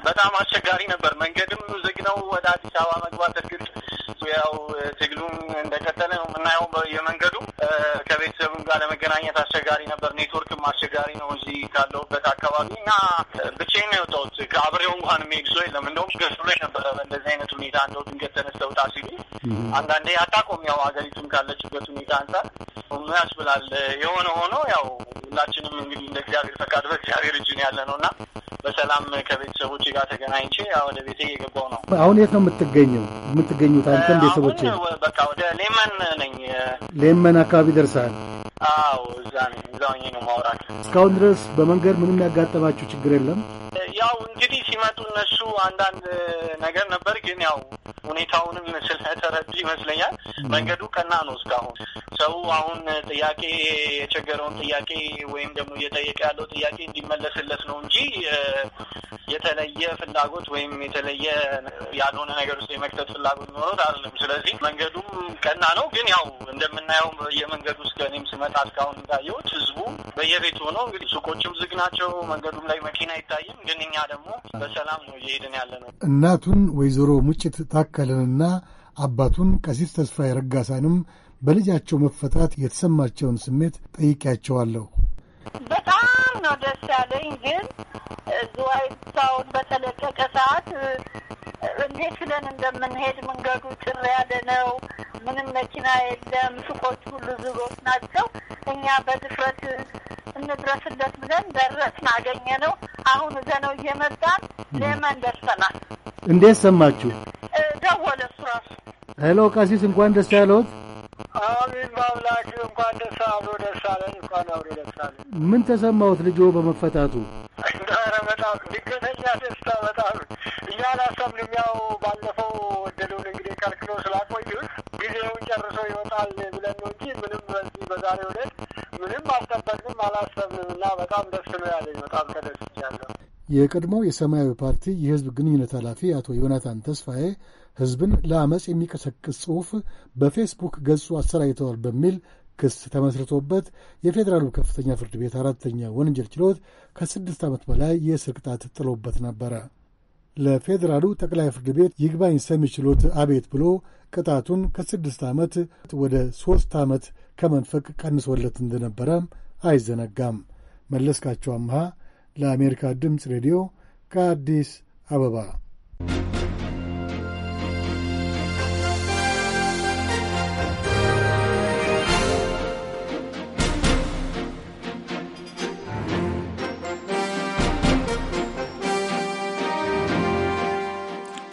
Speaker 10: በጣም አስቸጋሪ ነበር። መንገድም ዝግ ነው። ወደ አዲስ አበባ መግባት እርግጥ ያው ትግሉን እንደቀጠለ ነው የምናየው። የመንገዱ ከቤተሰቡም ጋር ለመገናኘት አስቸጋሪ ነበር። ኔትወርክም አስቸጋሪ ነው እዚህ ካለሁበት አካባቢ እና ብቻዬን ነው የወጣሁት አብሬው እንኳን የሚሄድ ሰው የለም። እንደውም ገሰሎ ነበረ በእንደዚህ አይነት ሁኔታ እንደው ድንገት ተነስተው ውጣ ሲሉ አንዳንዴ አታቆም። ያው ሀገሪቱም ካለችበት ሁኔታ አንጻር ያስብላል። የሆነ ሆኖ ያው ሁላችንም እንግዲህ እንደ እግዚአብሔር ፈቃድ በእግዚአብሔር እጅን ያለ ነው እና በሰላም ከቤተሰቦች ጋር ተገናኝቼ
Speaker 6: ወደ ቤቴ
Speaker 9: እየገባሁ ነው። አሁን የት ነው የምትገኘው? የምትገኙት አንተም ቤተሰቦች? በቃ ወደ ሌመን ነኝ። ሌመን አካባቢ ደርሰሃል? አዎ፣ እዛ ነኝ። እዛ ሆኜ ነው ማውራት። እስካሁን ድረስ በመንገድ ምንም ያጋጠማችሁ ችግር የለም? ያው እንግዲህ
Speaker 10: ሲመጡ እነሱ አንዳንድ ነገር ነበር፣ ግን ያው ሁኔታውንም ስለተረዱ ይመስለኛል መንገዱ ቀና ነው። እስካሁን ሰው አሁን ጥያቄ የቸገረውን ጥያቄ ወይም ደግሞ እየጠየቀ ያለው ጥያቄ እንዲመለስለት ነው እንጂ የተለየ ፍላጎት ወይም የተለየ ያልሆነ ነገር ውስጥ የመክተት ፍላጎት ኖሮት አይደለም። ስለዚህ መንገዱም ቀና ነው። ግን ያው እንደምናየው የመንገዱ እስከ እኔም ስመጣ እስካሁን እንዳየሁት ህዝቡ በየቤቱ ሆነው እንግዲህ ሱቆችም ዝግ ናቸው። መንገዱም ላይ መኪና አይታይም ግን እኛ ደግሞ በሰላም ነው እየሄድን ያለ ነው።
Speaker 9: እናቱን ወይዘሮ ሙጭት ታከለንና አባቱን ቀሲስ ተስፋ ረጋሳንም በልጃቸው መፈታት የተሰማቸውን ስሜት ጠይቄያቸዋለሁ።
Speaker 6: በጣም ነው ደስ ያለኝ። ግን ዝዋይ ሳውን በተለቀቀ ሰዓት
Speaker 10: እንዴት ብለን እንደምንሄድ መንገዱ ጭር ያለ ነው። ምንም መኪና የለም። ሱቆች ሁሉ ዝጎት ናቸው። እኛ በድፍረት እንድረስለት ብለን ደረስን፣ አገኘ ነው። አሁን እዘነው እየመጣን ለመን ደርሰናል። እንዴት ሰማችሁ? ደወለ እሱ ራሱ።
Speaker 9: ሄሎ ቀሲስ እንኳን ደስ ያለዎት
Speaker 10: አሚን። በአምላክ እንኳን ደስ አብሮ ደስ አለን። እንኳን አብሮ ደስ አለን።
Speaker 9: ምን ተሰማሁት ልጆ በመፈታቱ?
Speaker 10: ኧረ በጣም ድንገተኛ ደስታ በጣም እኛ አላሰብንም። ያው ባለፈው ወደደውን እንግዲህ ከልክሎ ስላቆዩት ጊዜውን ጨርሶ ይወጣል ብለን ነው እንጂ ምንም በዚህ በዛሬው ዕለት ምንም አልጠበቅንም አላሰብንም እና በጣም ደስ ነው ያለኝ። በጣም ተደስቻለሁ።
Speaker 9: የቀድሞው የሰማያዊ ፓርቲ የህዝብ ግንኙነት ኃላፊ አቶ ዮናታን ተስፋዬ ሕዝብን ለአመፅ የሚቀሰቅስ ጽሑፍ በፌስቡክ ገጹ አሰራይተዋል በሚል ክስ ተመስርቶበት የፌዴራሉ ከፍተኛ ፍርድ ቤት አራተኛ ወንጀል ችሎት ከስድስት ዓመት በላይ የእስር ቅጣት ጥሎበት ነበረ። ለፌዴራሉ ጠቅላይ ፍርድ ቤት ይግባኝ ሰሚ ችሎት አቤት ብሎ ቅጣቱን ከስድስት ዓመት ወደ ሦስት ዓመት ከመንፈቅ ቀንሶለት እንደነበረ አይዘነጋም። መለስካቸው አምሃ ለአሜሪካ ድምፅ ሬዲዮ ከአዲስ አበባ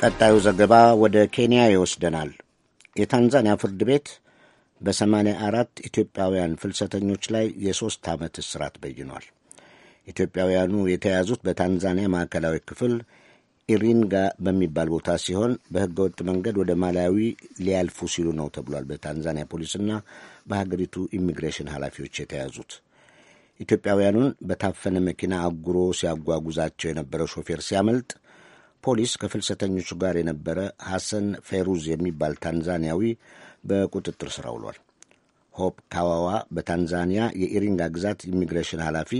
Speaker 1: ቀጣዩ ዘገባ ወደ ኬንያ ይወስደናል። የታንዛኒያ ፍርድ ቤት በሰማንያ አራት ኢትዮጵያውያን ፍልሰተኞች ላይ የሦስት ዓመት እስራት በይኗል። ኢትዮጵያውያኑ የተያዙት በታንዛኒያ ማዕከላዊ ክፍል ኢሪንጋ በሚባል ቦታ ሲሆን በሕገ ወጥ መንገድ ወደ ማላዊ ሊያልፉ ሲሉ ነው ተብሏል። በታንዛኒያ ፖሊስና በሀገሪቱ ኢሚግሬሽን ኃላፊዎች የተያዙት ኢትዮጵያውያኑን በታፈነ መኪና አጉሮ ሲያጓጉዛቸው የነበረው ሾፌር ሲያመልጥ ፖሊስ ከፍልሰተኞቹ ጋር የነበረ ሐሰን ፌሩዝ የሚባል ታንዛኒያዊ በቁጥጥር ስር ውሏል። ሆፕ ካዋዋ በታንዛኒያ የኢሪንጋ ግዛት ኢሚግሬሽን ኃላፊ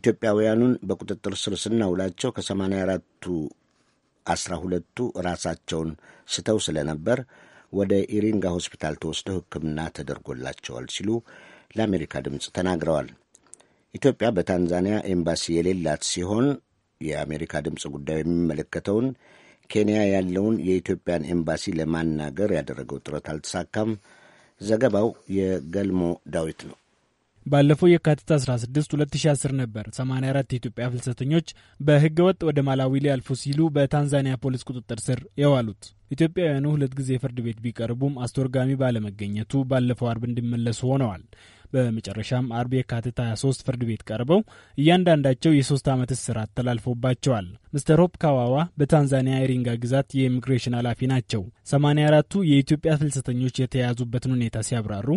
Speaker 1: ኢትዮጵያውያኑን በቁጥጥር ስር ስናውላቸው ከ84ቱ 12ቱ ራሳቸውን ስተው ስለነበር ወደ ኢሪንጋ ሆስፒታል ተወስደው ሕክምና ተደርጎላቸዋል ሲሉ ለአሜሪካ ድምፅ ተናግረዋል። ኢትዮጵያ በታንዛኒያ ኤምባሲ የሌላት ሲሆን የአሜሪካ ድምፅ ጉዳዩ የሚመለከተውን ኬንያ ያለውን የኢትዮጵያን ኤምባሲ ለማናገር ያደረገው ጥረት አልተሳካም። ዘገባው የገልሞ ዳዊት ነው።
Speaker 7: ባለፈው የካቲት 16 2010 ነበር 84 የኢትዮጵያ ፍልሰተኞች በህገ ወጥ ወደ ማላዊ ሊያልፉ ሲሉ በታንዛኒያ ፖሊስ ቁጥጥር ስር የዋሉት። ኢትዮጵያውያኑ ሁለት ጊዜ ፍርድ ቤት ቢቀርቡም አስተርጓሚ ባለመገኘቱ ባለፈው አርብ እንዲመለሱ ሆነዋል። በመጨረሻም አርብ የካቲት 23 ፍርድ ቤት ቀርበው እያንዳንዳቸው የሶስት ዓመት እስራት ተላልፎባቸዋል። ምስተር ሆፕ ካዋዋ በታንዛኒያ ኢሪንጋ ግዛት የኢሚግሬሽን ኃላፊ ናቸው። 84ቱ የኢትዮጵያ ፍልሰተኞች የተያያዙበትን ሁኔታ ሲያብራሩ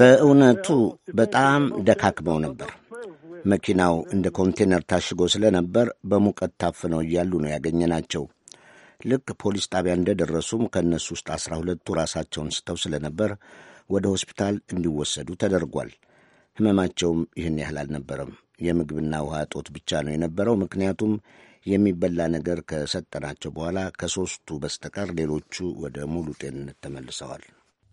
Speaker 8: በእውነቱ
Speaker 1: በጣም ደካክመው ነበር። መኪናው እንደ ኮንቴነር ታሽጎ ስለነበር በሙቀት ታፍነው እያሉ ነው ያገኘናቸው። ልክ ፖሊስ ጣቢያ እንደደረሱም ከእነሱ ውስጥ አስራ ሁለቱ ራሳቸውን ስተው ስለነበር ወደ ሆስፒታል እንዲወሰዱ ተደርጓል። ህመማቸውም ይህን ያህል አልነበረም። የምግብና ውሃ እጦት ብቻ ነው የነበረው፣ ምክንያቱም የሚበላ ነገር ከሰጠናቸው በኋላ ከሶስቱ በስተቀር ሌሎቹ ወደ ሙሉ ጤንነት ተመልሰዋል።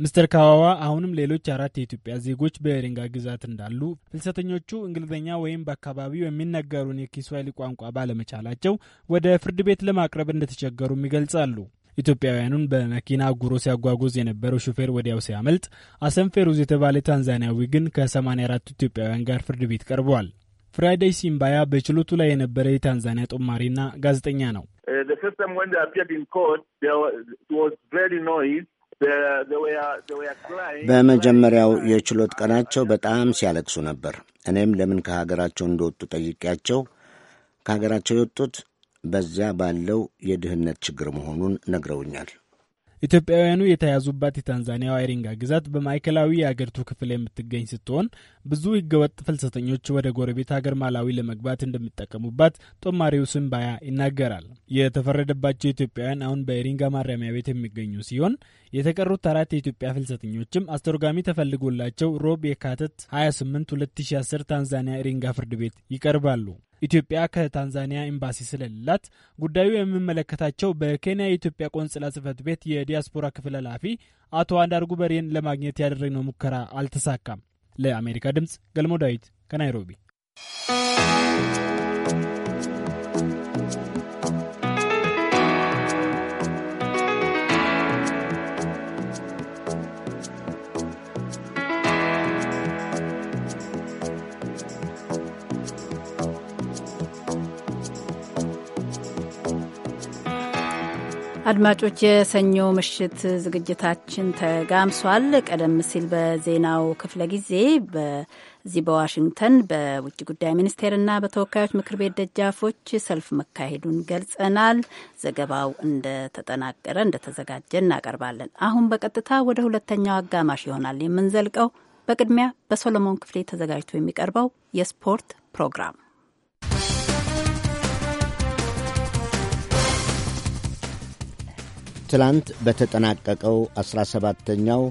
Speaker 7: ሚስተር ካዋዋ አሁንም ሌሎች አራት የኢትዮጵያ ዜጎች በሪንጋ ግዛት እንዳሉ፣ ፍልሰተኞቹ እንግሊዝኛ ወይም በአካባቢው የሚነገሩን የኪስዋሂሊ ቋንቋ ባለመቻላቸው ወደ ፍርድ ቤት ለማቅረብ እንደተቸገሩም ይገልጻሉ። ኢትዮጵያውያኑን በመኪና አጉሮ ሲያጓጉዝ የነበረው ሹፌር ወዲያው ሲያመልጥ፣ አሰንፌሩዝ የተባለ ታንዛኒያዊ ግን ከ84 ኢትዮጵያውያን ጋር ፍርድ ቤት ቀርበዋል። ፍራይዴይ ሲምባያ በችሎቱ ላይ የነበረ የታንዛኒያ ጦማሪና ጋዜጠኛ ነው። በመጀመሪያው
Speaker 1: የችሎት ቀናቸው በጣም ሲያለቅሱ ነበር። እኔም ለምን ከሀገራቸው እንደወጡ ጠይቄያቸው ከሀገራቸው የወጡት በዚያ ባለው የድህነት ችግር መሆኑን ነግረውኛል።
Speaker 7: ኢትዮጵያውያኑ የተያዙባት የታንዛኒያ ኢሪንጋ ግዛት በማዕከላዊ የአገሪቱ ክፍል የምትገኝ ስትሆን ብዙ ህገወጥ ፍልሰተኞች ወደ ጎረቤት ሀገር ማላዊ ለመግባት እንደሚጠቀሙባት ጦማሪው ስምባያ ይናገራል። የተፈረደባቸው ኢትዮጵያውያን አሁን በኢሪንጋ ማረሚያ ቤት የሚገኙ ሲሆን የተቀሩት አራት የኢትዮጵያ ፍልሰተኞችም አስተርጓሚ ተፈልጎላቸው ሮብ የካቲት 28 2010 ታንዛኒያ ኢሪንጋ ፍርድ ቤት ይቀርባሉ። ኢትዮጵያ ከታንዛኒያ ኤምባሲ ስለሌላት ጉዳዩ የሚመለከታቸው በኬንያ የኢትዮጵያ ቆንጽላ ጽህፈት ቤት የዲያስፖራ ክፍል ኃላፊ አቶ አንዳርጉ በሬን ለማግኘት ያደረግነው ሙከራ አልተሳካም። ለአሜሪካ ድምፅ ገልሞ ዳዊት ከናይሮቢ
Speaker 3: አድማጮች የሰኞ ምሽት ዝግጅታችን ተጋምሷል። ቀደም ሲል በዜናው ክፍለ ጊዜ በዚህ በዋሽንግተን በውጭ ጉዳይ ሚኒስቴርና በተወካዮች ምክር ቤት ደጃፎች ሰልፍ መካሄዱን ገልጸናል። ዘገባው እንደተጠናቀረ እንደተዘጋጀ እናቀርባለን። አሁን በቀጥታ ወደ ሁለተኛው አጋማሽ ይሆናል የምንዘልቀው። በቅድሚያ በሶሎሞን ክፍሌ ተዘጋጅቶ የሚቀርበው የስፖርት ፕሮግራም
Speaker 1: ትላንት በተጠናቀቀው 17ተኛው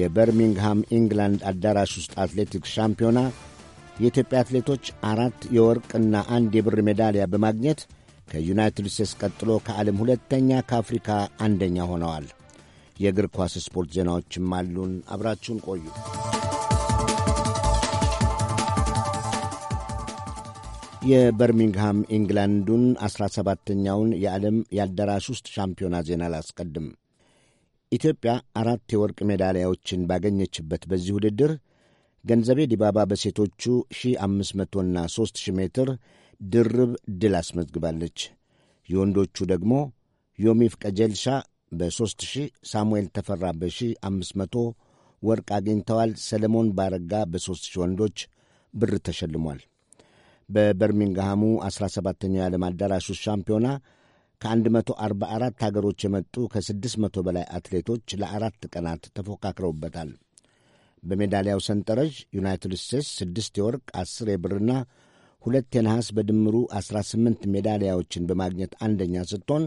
Speaker 1: የበርሚንግሃም ኢንግላንድ አዳራሽ ውስጥ አትሌቲክስ ሻምፒዮና የኢትዮጵያ አትሌቶች አራት የወርቅና አንድ የብር ሜዳሊያ በማግኘት ከዩናይትድ ስቴትስ ቀጥሎ ከዓለም ሁለተኛ ከአፍሪካ አንደኛ ሆነዋል። የእግር ኳስ ስፖርት ዜናዎችም አሉን። አብራችሁን ቆዩ። የበርሚንግሃም ኢንግላንዱን አስራ ሰባተኛውን የዓለም የአዳራሽ ውስጥ ሻምፒዮና ዜና ላስቀድም። ኢትዮጵያ አራት የወርቅ ሜዳሊያዎችን ባገኘችበት በዚህ ውድድር ገንዘቤ ዲባባ በሴቶቹ 1500ና 3000 ሜትር ድርብ ድል አስመዝግባለች። የወንዶቹ ደግሞ ዮሚፍ ቀጀልሻ በ3000፣ ሳሙኤል ተፈራ በ1500 ወርቅ አግኝተዋል። ሰለሞን ባረጋ በ3000 ወንዶች ብር ተሸልሟል። በበርሚንግሃሙ 17ኛው የዓለም አዳራሽ ውስጥ ሻምፒዮና ከ144 ሀገሮች የመጡ ከ600 በላይ አትሌቶች ለአራት ቀናት ተፎካክረውበታል። በሜዳሊያው ሰንጠረዥ ዩናይትድ ስቴትስ 6 የወርቅ አስር የብርና ሁለት የነሐስ በድምሩ 18 ሜዳሊያዎችን በማግኘት አንደኛ ስትሆን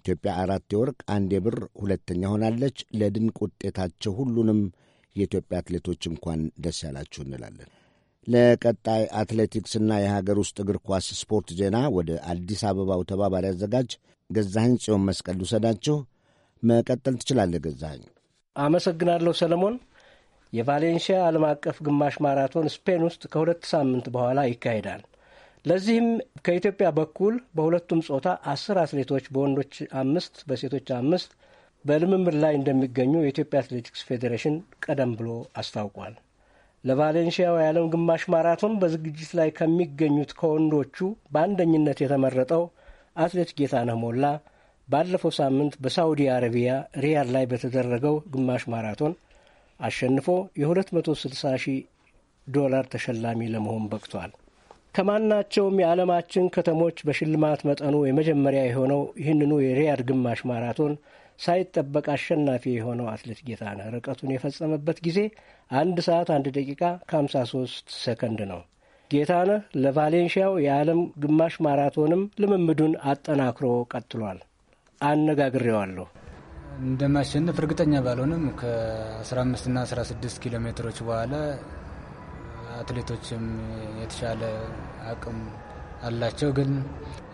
Speaker 1: ኢትዮጵያ አራት የወርቅ አንድ የብር ሁለተኛ ሆናለች። ለድንቅ ውጤታቸው ሁሉንም የኢትዮጵያ አትሌቶች እንኳን ደስ ያላችሁ እንላለን። ለቀጣይ አትሌቲክስና የሀገር ውስጥ እግር ኳስ ስፖርት ዜና ወደ አዲስ አበባው ተባባሪ አዘጋጅ ገዛኸኝ ጽዮን መስቀል ልውሰዳችሁ። መቀጠል ትችላለህ ገዛኸኝ።
Speaker 11: አመሰግናለሁ ሰለሞን። የቫሌንሺያ ዓለም አቀፍ ግማሽ ማራቶን ስፔን ውስጥ ከሁለት ሳምንት በኋላ ይካሄዳል። ለዚህም ከኢትዮጵያ በኩል በሁለቱም ጾታ አስር አትሌቶች በወንዶች አምስት፣ በሴቶች አምስት በልምምድ ላይ እንደሚገኙ የኢትዮጵያ አትሌቲክስ ፌዴሬሽን ቀደም ብሎ አስታውቋል። ለቫሌንሺያው የዓለም ግማሽ ማራቶን በዝግጅት ላይ ከሚገኙት ከወንዶቹ በአንደኝነት የተመረጠው አትሌት ጌታነህ ሞላ ባለፈው ሳምንት በሳውዲ አረቢያ ሪያድ ላይ በተደረገው ግማሽ ማራቶን አሸንፎ የ260 ሺህ ዶላር ተሸላሚ ለመሆን በቅቷል። ከማናቸውም የዓለማችን ከተሞች በሽልማት መጠኑ የመጀመሪያ የሆነው ይህንኑ የሪያድ ግማሽ ማራቶን ሳይጠበቅ አሸናፊ የሆነው አትሌት ጌታነህ ርቀቱን የፈጸመበት ጊዜ አንድ ሰዓት አንድ ደቂቃ ከ53 ሰከንድ ነው። ጌታነህ ለቫሌንሺያው የዓለም ግማሽ ማራቶንም ልምምዱን አጠናክሮ ቀጥሏል። አነጋግሬዋለሁ። እንደማሸንፍ እርግጠኛ ባልሆንም
Speaker 12: ከ15 ና 16 ኪሎ ሜትሮች በኋላ አትሌቶችም የተሻለ አቅም አላቸው። ግን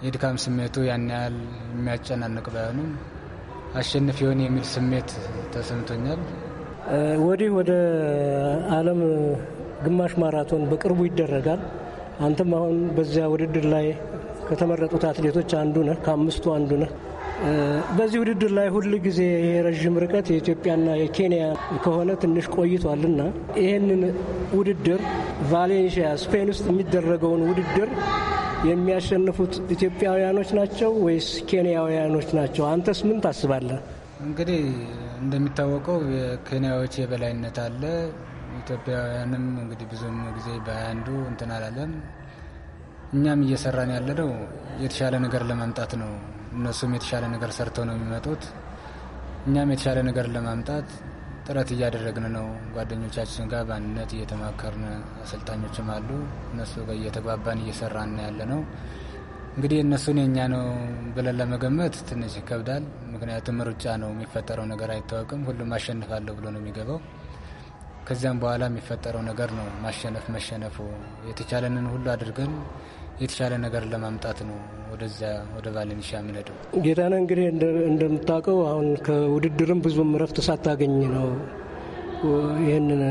Speaker 12: የድካም ስሜቱ ያን ያህል የሚያጨናንቅ ባይሆንም አሸንፍ የሆን የሚል ስሜት
Speaker 11: ተሰምቶኛል። ወዲህ ወደ ዓለም ግማሽ ማራቶን በቅርቡ ይደረጋል። አንተም አሁን በዚያ ውድድር ላይ ከተመረጡት አትሌቶች አንዱ ነህ፣ ከአምስቱ አንዱ ነህ። በዚህ ውድድር ላይ ሁል ጊዜ የረዥም ርቀት የኢትዮጵያና የኬንያ ከሆነ ትንሽ ቆይቷልና ይህንን ውድድር ቫሌንሺያ ስፔን ውስጥ የሚደረገውን ውድድር የሚያሸንፉት ኢትዮጵያውያኖች ናቸው ወይስ ኬንያውያኖች ናቸው? አንተስ ምን ታስባለህ?
Speaker 12: እንግዲህ እንደሚታወቀው የኬንያዎች የበላይነት አለ። ኢትዮጵያውያንም እንግዲህ ብዙም ጊዜ በአንዱ እንትን አላለም። እኛም እየሰራን ያለነው የተሻለ ነገር ለማምጣት ነው። እነሱም የተሻለ ነገር ሰርተው ነው የሚመጡት። እኛም የተሻለ ነገር ለማምጣት ጥረት እያደረግን ነው። ጓደኞቻችን ጋር በአንድነት እየተማከርን፣ አሰልጣኞችም አሉ፣ እነሱ ጋር እየተግባባን እየሰራን ያለ ነው። እንግዲህ እነሱን የኛ ነው ብለን ለመገመት ትንሽ ይከብዳል። ምክንያቱም ሩጫ ነው፣ የሚፈጠረው ነገር አይታወቅም። ሁሉም አሸንፋለሁ ብሎ ነው የሚገባው። ከዚያም በኋላ የሚፈጠረው ነገር ነው ማሸነፍ መሸነፉ። የተቻለንን ሁሉ አድርገን የተሻለ ነገር ለማምጣት ነው ወደዚያ ወደ ቫሌንሺያ የምንሄደው።
Speaker 11: ጌታነ እንግዲህ እንደምታውቀው አሁን ከውድድርም ብዙም እረፍት ሳታገኝ ነው ይህንን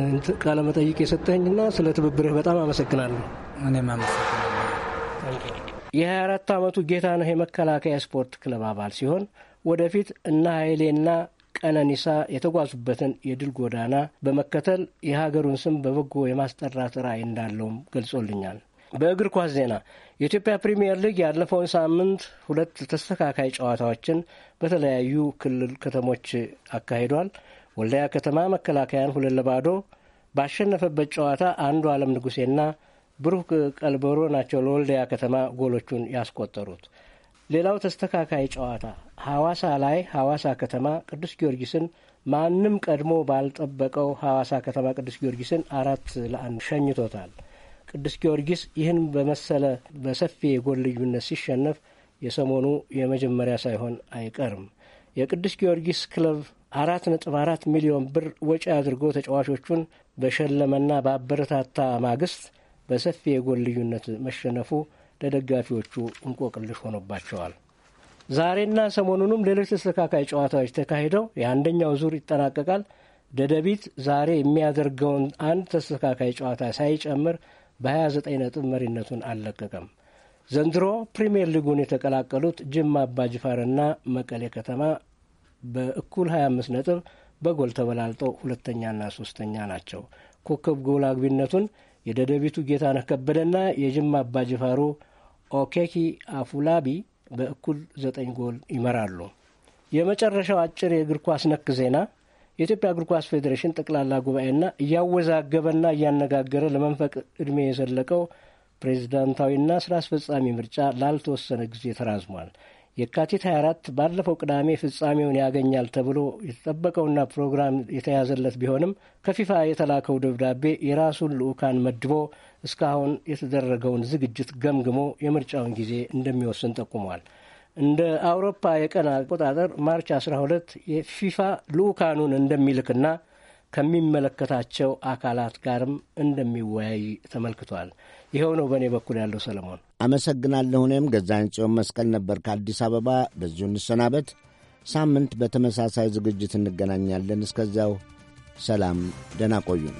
Speaker 11: ቃለ መጠይቅ የሰጠኝና ስለ ትብብርህ በጣም አመሰግናለሁ። እኔም አመሰግናለሁ። የ24 ዓመቱ ጌታነህ የመከላከያ ስፖርት ክለብ አባል ሲሆን ወደፊት እነ ኃይሌና ቀነኒሳ የተጓዙበትን የድል ጎዳና በመከተል የሀገሩን ስም በበጎ የማስጠራት ራዕይ እንዳለውም ገልጾልኛል። በእግር ኳስ ዜና የኢትዮጵያ ፕሪምየር ሊግ ያለፈውን ሳምንት ሁለት ተስተካካይ ጨዋታዎችን በተለያዩ ክልል ከተሞች አካሂዷል። ወልዳያ ከተማ መከላከያን ሁለት ለባዶ ባሸነፈበት ጨዋታ አንዱ አለም ንጉሴና ብሩክ ቀልበሮ ናቸው ለወልዳያ ከተማ ጎሎቹን ያስቆጠሩት። ሌላው ተስተካካይ ጨዋታ ሐዋሳ ላይ ሐዋሳ ከተማ ቅዱስ ጊዮርጊስን ማንም ቀድሞ ባልጠበቀው ሐዋሳ ከተማ ቅዱስ ጊዮርጊስን አራት ለአንድ ሸኝቶታል። ቅዱስ ጊዮርጊስ ይህን በመሰለ በሰፊ የጎል ልዩነት ሲሸነፍ የሰሞኑ የመጀመሪያ ሳይሆን አይቀርም። የቅዱስ ጊዮርጊስ ክለብ አራት ነጥብ አራት ሚሊዮን ብር ወጪ አድርጎ ተጫዋቾቹን በሸለመና በአበረታታ ማግስት በሰፊ የጎል ልዩነት መሸነፉ ለደጋፊዎቹ እንቆቅልሽ ሆኖባቸዋል። ዛሬና ሰሞኑንም ሌሎች ተስተካካይ ጨዋታዎች ተካሂደው የአንደኛው ዙር ይጠናቀቃል። ደደቢት ዛሬ የሚያደርገውን አንድ ተስተካካይ ጨዋታ ሳይጨምር በ29 ነጥብ መሪነቱን አልለቀቀም። ዘንድሮ ፕሪምየር ሊጉን የተቀላቀሉት ጅማ አባጅፋርና መቀሌ ከተማ በእኩል 25 ነጥብ በጎል ተበላልጠው ሁለተኛና ሶስተኛ ናቸው። ኮከብ ጎል አግቢነቱን የደደቢቱ ጌታነህ ከበደና የጅማ አባጅፋሩ ኦኬኪ አፉላቢ በእኩል ዘጠኝ ጎል ይመራሉ። የመጨረሻው አጭር የእግር ኳስ ነክ ዜና የኢትዮጵያ እግር ኳስ ፌዴሬሽን ጠቅላላ ጉባኤና እያወዛገበና እያነጋገረ ለመንፈቅ ዕድሜ የዘለቀው ፕሬዚዳንታዊና ስራ አስፈጻሚ ምርጫ ላልተወሰነ ጊዜ ተራዝሟል። የካቲት 24 ባለፈው ቅዳሜ ፍጻሜውን ያገኛል ተብሎ የተጠበቀውና ፕሮግራም የተያዘለት ቢሆንም ከፊፋ የተላከው ደብዳቤ የራሱን ልዑካን መድቦ እስካሁን የተደረገውን ዝግጅት ገምግሞ የምርጫውን ጊዜ እንደሚወስን ጠቁሟል። እንደ አውሮፓ የቀን አቆጣጠር ማርች 12 የፊፋ ልዑካኑን እንደሚልክና ከሚመለከታቸው አካላት ጋርም እንደሚወያይ ተመልክቷል። ይኸው ነው በእኔ በኩል ያለው። ሰለሞን
Speaker 1: አመሰግናለሁ። እኔም ጽዮን መስቀል ነበር ከአዲስ አበባ። በዚሁ እንሰናበት። ሳምንት በተመሳሳይ ዝግጅት እንገናኛለን። እስከዚያው ሰላም፣ ደህና ቆዩን።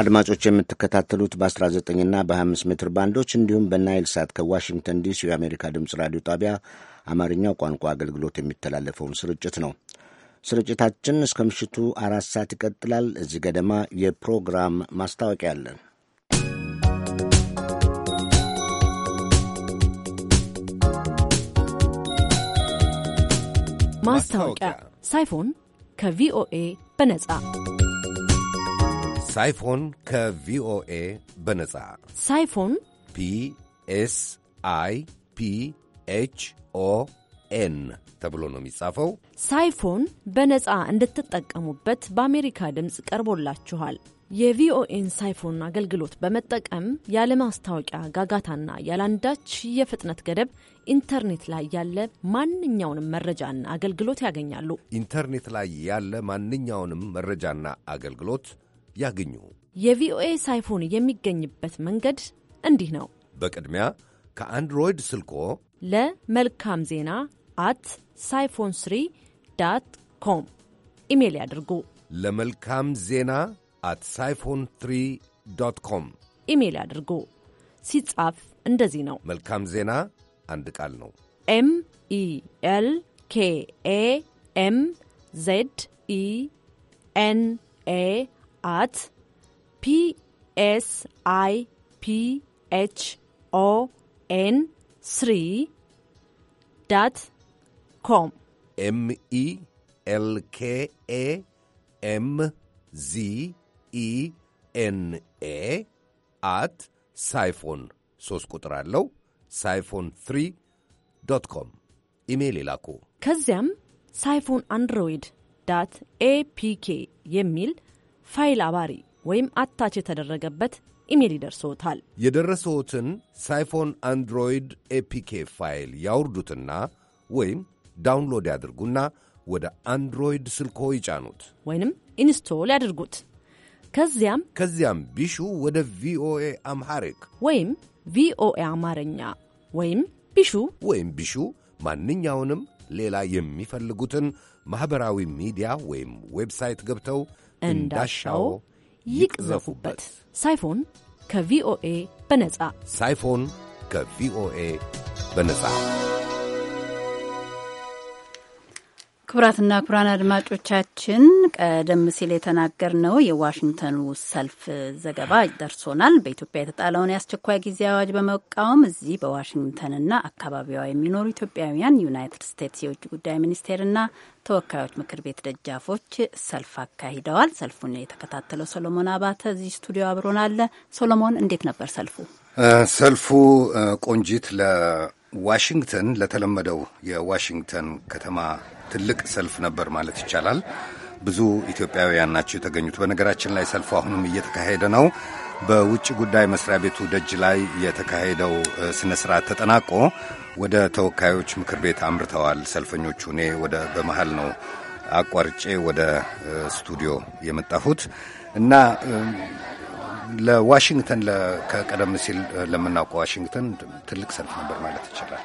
Speaker 1: አድማጮች የምትከታተሉት በ19ና በ25 ሜትር ባንዶች እንዲሁም በናይል ሳት ከዋሽንግተን ዲሲ የአሜሪካ ድምፅ ራዲዮ ጣቢያ አማርኛው ቋንቋ አገልግሎት የሚተላለፈውን ስርጭት ነው። ስርጭታችን እስከ ምሽቱ አራት ሰዓት ይቀጥላል። እዚህ ገደማ የፕሮግራም ማስታወቂያ አለን።
Speaker 13: ማስታወቂያ ሳይፎን ከቪኦኤ በነጻ
Speaker 14: ሳይፎን ከቪኦኤ በነጻ ሳይፎን ፒ አይ ፒ ኤች ኦ ኤን ተብሎ ነው የሚጻፈው።
Speaker 13: ሳይፎን በነጻ እንድትጠቀሙበት በአሜሪካ ድምፅ ቀርቦላችኋል። የቪኦኤን ሳይፎን አገልግሎት በመጠቀም ያለማስታወቂያ ጋጋታና ያላንዳች የፍጥነት ገደብ ኢንተርኔት ላይ ያለ ማንኛውንም መረጃና አገልግሎት ያገኛሉ።
Speaker 14: ኢንተርኔት ላይ ያለ ማንኛውንም መረጃና አገልግሎት ያግኙ።
Speaker 13: የቪኦኤ ሳይፎን የሚገኝበት መንገድ እንዲህ ነው።
Speaker 14: በቅድሚያ ከአንድሮይድ ስልኮ
Speaker 13: ለመልካም ዜና አት ሳይፎን ስሪ ዳት ኮም ኢሜይል ያድርጉ።
Speaker 14: ለመልካም ዜና አት ሳይፎን ትሪ ዶት ኮም
Speaker 13: ኢሜይል ያድርጉ። ሲጻፍ እንደዚህ ነው።
Speaker 14: መልካም ዜና አንድ ቃል ነው።
Speaker 13: ኤም ኢ ኤል ኬ ኤ ኤም ዜድ ኢ ኤን ኤ አት ፒ ኤስ አይ ፒ ኤች ኦ ኤን ስሪ ዳት ኮም ኤም ኢ
Speaker 14: ኤል ኬ ኤ ኤም ዚ ኢ ኤን ኤ አት ሶስት ቁጥር አለው ሳይፎን ትሪ ዶት ኮም ኢሜይል ይላኩ።
Speaker 13: ከዚያም ሳይፎን አንድሮይድ ዳት ኤፒኬ የሚል ፋይል አባሪ ወይም አታች የተደረገበት ኢሜል ይደርሶታል።
Speaker 14: የደረሰዎትን ሳይፎን አንድሮይድ ኤፒኬ ፋይል ያውርዱትና ወይም ዳውንሎድ ያድርጉና ወደ አንድሮይድ ስልኮ ይጫኑት
Speaker 13: ወይንም ኢንስቶል ያድርጉት። ከዚያም
Speaker 14: ከዚያም ቢሹ ወደ ቪኦኤ አምሐሪክ
Speaker 13: ወይም ቪኦኤ አማርኛ
Speaker 14: ወይም ቢሹ ወይም ቢሹ ማንኛውንም ሌላ የሚፈልጉትን ማኅበራዊ ሚዲያ ወይም ዌብሳይት ገብተው እንዳሻው ይቅዘፉበት።
Speaker 13: ሳይፎን ከቪኦኤ በነጻ
Speaker 14: ሳይፎን ከቪኦኤ በነጻ
Speaker 3: ክቡራትና ክቡራን አድማጮቻችን ቀደም ሲል የተናገርነው የዋሽንግተኑ ሰልፍ ዘገባ ደርሶናል። በኢትዮጵያ የተጣለውን የአስቸኳይ ጊዜ አዋጅ በመቃወም እዚህ በዋሽንግተንና አካባቢዋ የሚኖሩ ኢትዮጵያውያን ዩናይትድ ስቴትስ የውጭ ጉዳይ ሚኒስቴርና ተወካዮች ምክር ቤት ደጃፎች ሰልፍ አካሂደዋል። ሰልፉን የተከታተለው ሶሎሞን አባተ እዚህ ስቱዲዮ አብሮን አለ። ሶሎሞን እንዴት ነበር ሰልፉ?
Speaker 14: ሰልፉ ቆንጂት፣ ለዋሽንግተን ለተለመደው የዋሽንግተን ከተማ ትልቅ ሰልፍ ነበር ማለት ይቻላል። ብዙ ኢትዮጵያውያን ናቸው የተገኙት። በነገራችን ላይ ሰልፉ አሁንም እየተካሄደ ነው። በውጭ ጉዳይ መስሪያ ቤቱ ደጅ ላይ የተካሄደው ስነ ስርዓት ተጠናቆ ወደ ተወካዮች ምክር ቤት አምርተዋል ሰልፈኞቹ። እኔ ወደ በመሀል ነው አቋርጬ ወደ ስቱዲዮ የመጣሁት እና ለዋሽንግተን ከቀደም ሲል ለምናውቀው ዋሽንግተን ትልቅ ሰልፍ ነበር ማለት ይቻላል።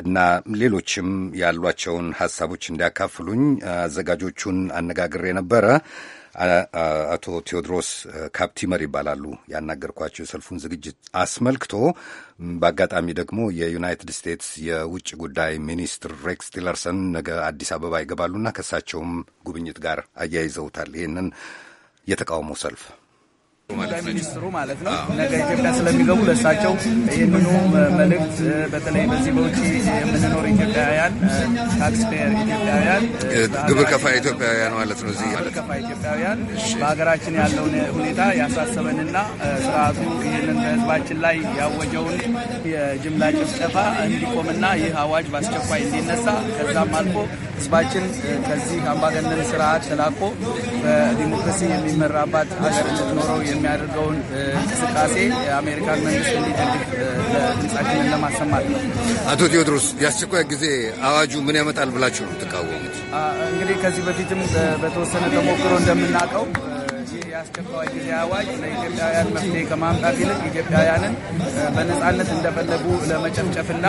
Speaker 14: እና ሌሎችም ያሏቸውን ሀሳቦች እንዲያካፍሉኝ አዘጋጆቹን አነጋግሬ ነበረ። አቶ ቴዎድሮስ ካፕቲመር ይባላሉ። ያናገርኳቸው የሰልፉን ዝግጅት አስመልክቶ በአጋጣሚ ደግሞ የዩናይትድ ስቴትስ የውጭ ጉዳይ ሚኒስትር ሬክስ ቲለርሰን ነገ አዲስ አበባ ይገባሉና ከእሳቸውም ጉብኝት ጋር አያይዘውታል ይህንን የተቃውሞ ሰልፍ
Speaker 15: ጠቅላይ ሚኒስትሩ ማለት ነው ነገ ኢትዮጵያ ስለሚገቡ ለእሳቸው ይህንኑ መልእክት በተለይ በዚህ በውጭ የምንኖር ኢትዮጵያውያን ታክስ ኢትዮጵያውያን
Speaker 14: ግብር ከፋይ ኢትዮጵያውያን ማለት ነው እዚህ ግብር ከፋይ ኢትዮጵያውያን
Speaker 15: በሀገራችን ያለውን ሁኔታ ያሳሰበንና ስርዓቱ ይህንን በህዝባችን ላይ ያወጀውን የጅምላ ጭፍጨፋ እንዲቆምና ይህ አዋጅ በአስቸኳይ እንዲነሳ ከዛም አልፎ ህዝባችን ከዚህ አምባገነን ስርዓት ተላቆ በዲሞክራሲ የሚመራባት ሀገር እንድትኖረው የሚያደርገውን እንቅስቃሴ የአሜሪካን መንግስት እንዲደግፍ ድምጻችንን ለማሰማት ነው።
Speaker 14: አቶ ቴዎድሮስ የአስቸኳይ ጊዜ አዋጁ ምን ያመጣል ብላችሁ ነው የምትቃወሙት?
Speaker 15: እንግዲህ ከዚህ በፊትም በተወሰነ ተሞክሮ እንደምናውቀው የአስቸኳይ ጊዜ አዋጅ ለኢትዮጵያውያን መፍትሄ ከማምጣት ይልቅ ኢትዮጵያውያንን በነፃነት እንደፈለጉ ለመጨፍጨፍና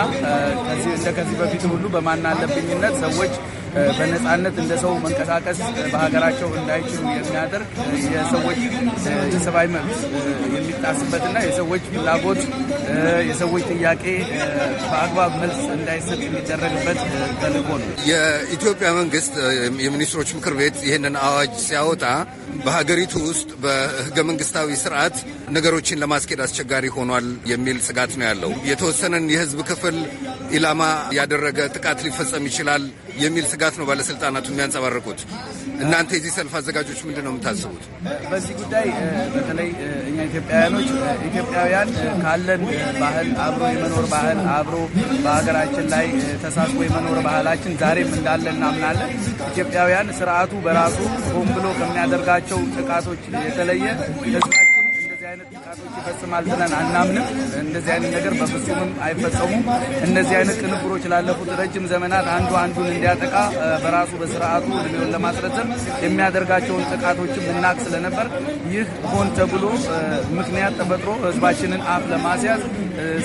Speaker 15: እንደ ከዚህ በፊት ሁሉ በማናለብኝነት ሰዎች በነፃነት እንደ ሰው መንቀሳቀስ በሀገራቸው እንዳይችሉ የሚያደርግ የሰዎች የሰብአዊ መብት የሚጣስበትና የሰዎች ፍላጎት የሰዎች ጥያቄ በአግባብ መልስ እንዳይሰጥ የሚደረግበት ተልእኮ ነው።
Speaker 14: የኢትዮጵያ መንግስት የሚኒስትሮች ምክር ቤት ይህንን አዋጅ ሲያወጣ በሀገሪቱ ውስጥ በህገ መንግስታዊ ስርዓት ነገሮችን ለማስኬድ አስቸጋሪ ሆኗል የሚል ስጋት ነው ያለው። የተወሰነን የህዝብ ክፍል ኢላማ ያደረገ ጥቃት ሊፈጸም ይችላል የሚል ስጋት ነው ባለስልጣናቱ የሚያንጸባርቁት። እናንተ የዚህ ሰልፍ አዘጋጆች ምንድን ነው የምታስቡት
Speaker 15: በዚህ ጉዳይ? በተለይ እኛ ኢትዮጵያውያኖች ኢትዮጵያውያን ካለን ባህል አብሮ የመኖር ባህል አብሮ በሀገራችን ላይ ተሳስቦ የመኖር ባህላችን ዛሬም እንዳለ እናምናለን። ኢትዮጵያውያን ስርዓቱ በራሱ ሆን ብሎ ከሚያደርጋቸው ጥቃቶች የተለየ ይፈጽማል ብለን አናምንም። እንደዚህ አይነት ነገር በፍጹምም አይፈጸሙም። እነዚህ አይነት ቅንብሮች ላለፉት ረጅም ዘመናት አንዱ አንዱን እንዲያጠቃ በራሱ በስርዓቱ እድሜውን ለማስረዘም የሚያደርጋቸውን ጥቃቶችም እናቅ ስለነበር ይህ ሆን ተብሎ ምክንያት ተፈጥሮ ህዝባችንን አፍ ለማስያዝ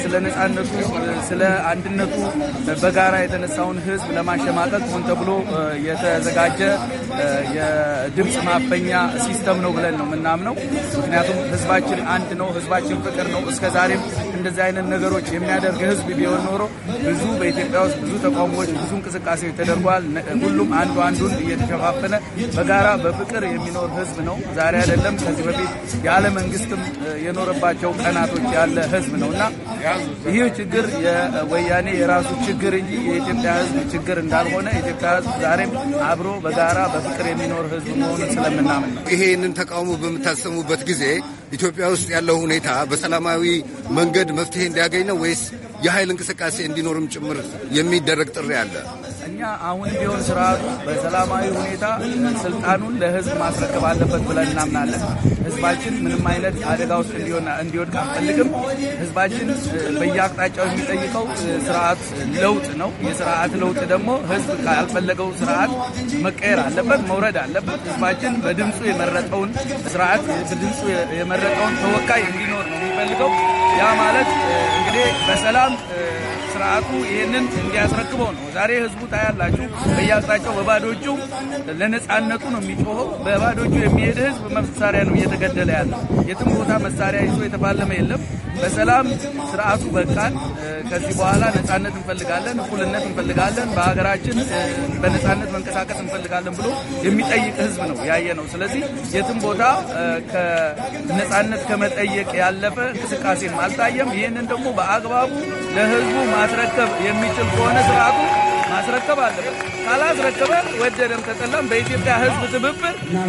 Speaker 15: ስለ ነጻነቱ፣ ስለ አንድነቱ በጋራ የተነሳውን ህዝብ ለማሸማቀቅ ሆን ተብሎ የተዘጋጀ የድምፅ ማፈኛ ሲስተም ነው ብለን ነው የምናምነው። ምክንያቱም ህዝባችን አንድ ነው፣ ህዝባችን ፍቅር ነው። እስከ ዛሬም እንደዚህ አይነት ነገሮች የሚያደርግ ህዝብ ቢሆን ኖሮ ብዙ በኢትዮጵያ ውስጥ ብዙ ተቃውሞዎች፣ ብዙ እንቅስቃሴዎች ተደርጓል። ሁሉም አንዱ አንዱን እየተሸፋፈነ በጋራ በፍቅር የሚኖር ህዝብ ነው። ዛሬ አይደለም ከዚህ በፊት ያለ መንግስትም የኖረባቸው ቀናቶች ያለ ህዝብ ነው እና ይህ ችግር የወያኔ የራሱ ችግር እንጂ የኢትዮጵያ ሕዝብ ችግር እንዳልሆነ የኢትዮጵያ ሕዝብ ዛሬም አብሮ በጋራ በፍቅር የሚኖር ሕዝብ መሆኑን ስለምናምን
Speaker 14: ነው። ይሄንን ተቃውሞ በምታሰሙበት ጊዜ ኢትዮጵያ ውስጥ ያለው ሁኔታ በሰላማዊ መንገድ መፍትሄ እንዲያገኝ ነው ወይስ የኃይል እንቅስቃሴ እንዲኖርም ጭምር የሚደረግ ጥሪ አለ?
Speaker 15: አንደኛ አሁን ቢሆን ስርዓቱ በሰላማዊ ሁኔታ ስልጣኑን ለህዝብ ማስረከብ አለበት ብለን እናምናለን። ህዝባችን ምንም አይነት አደጋ ውስጥ እንዲወድቅ አንፈልግም። ህዝባችን በየአቅጣጫው የሚጠይቀው ስርዓት ለውጥ ነው። የስርዓት ለውጥ ደግሞ ህዝብ ካልፈለገው ስርዓት መቀየር አለበት፣ መውረድ አለበት። ህዝባችን በድምፁ የመረጠውን ስርዓት በድምፁ የመረጠውን ተወካይ እንዲኖር ነው የሚፈልገው። ያ ማለት እንግዲህ በሰላም ስርዓቱ ይህንን እንዲያስረክበው ነው። ዛሬ ህዝቡ ታያላችሁ፣ በየአቅጣጫው በባዶ እጁ ለነፃነቱ ነው የሚጮኸው። በባዶ እጁ የሚሄድ ህዝብ መሳሪያ ነው እየተገደለ ያለ። የትም ቦታ መሳሪያ ይዞ የተፋለመ የለም። በሰላም ስርዓቱ በቃን። ከዚህ በኋላ ነፃነት እንፈልጋለን፣ እኩልነት እንፈልጋለን፣ በሀገራችን በነፃነት መንቀሳቀስ እንፈልጋለን ብሎ የሚጠይቅ ህዝብ ነው ያየ ነው። ስለዚህ የትም ቦታ ከነፃነት ከመጠየቅ ያለፈ እንቅስቃሴም አልታየም። ይህንን ደግሞ በአግባቡ ለህዝቡ ማስረከብ የሚችል ከሆነ ስርዓቱ ማስረከብ አለበት። ካላስረከበ ወደደም ተጠላም በኢትዮጵያ ሕዝብ ትብብር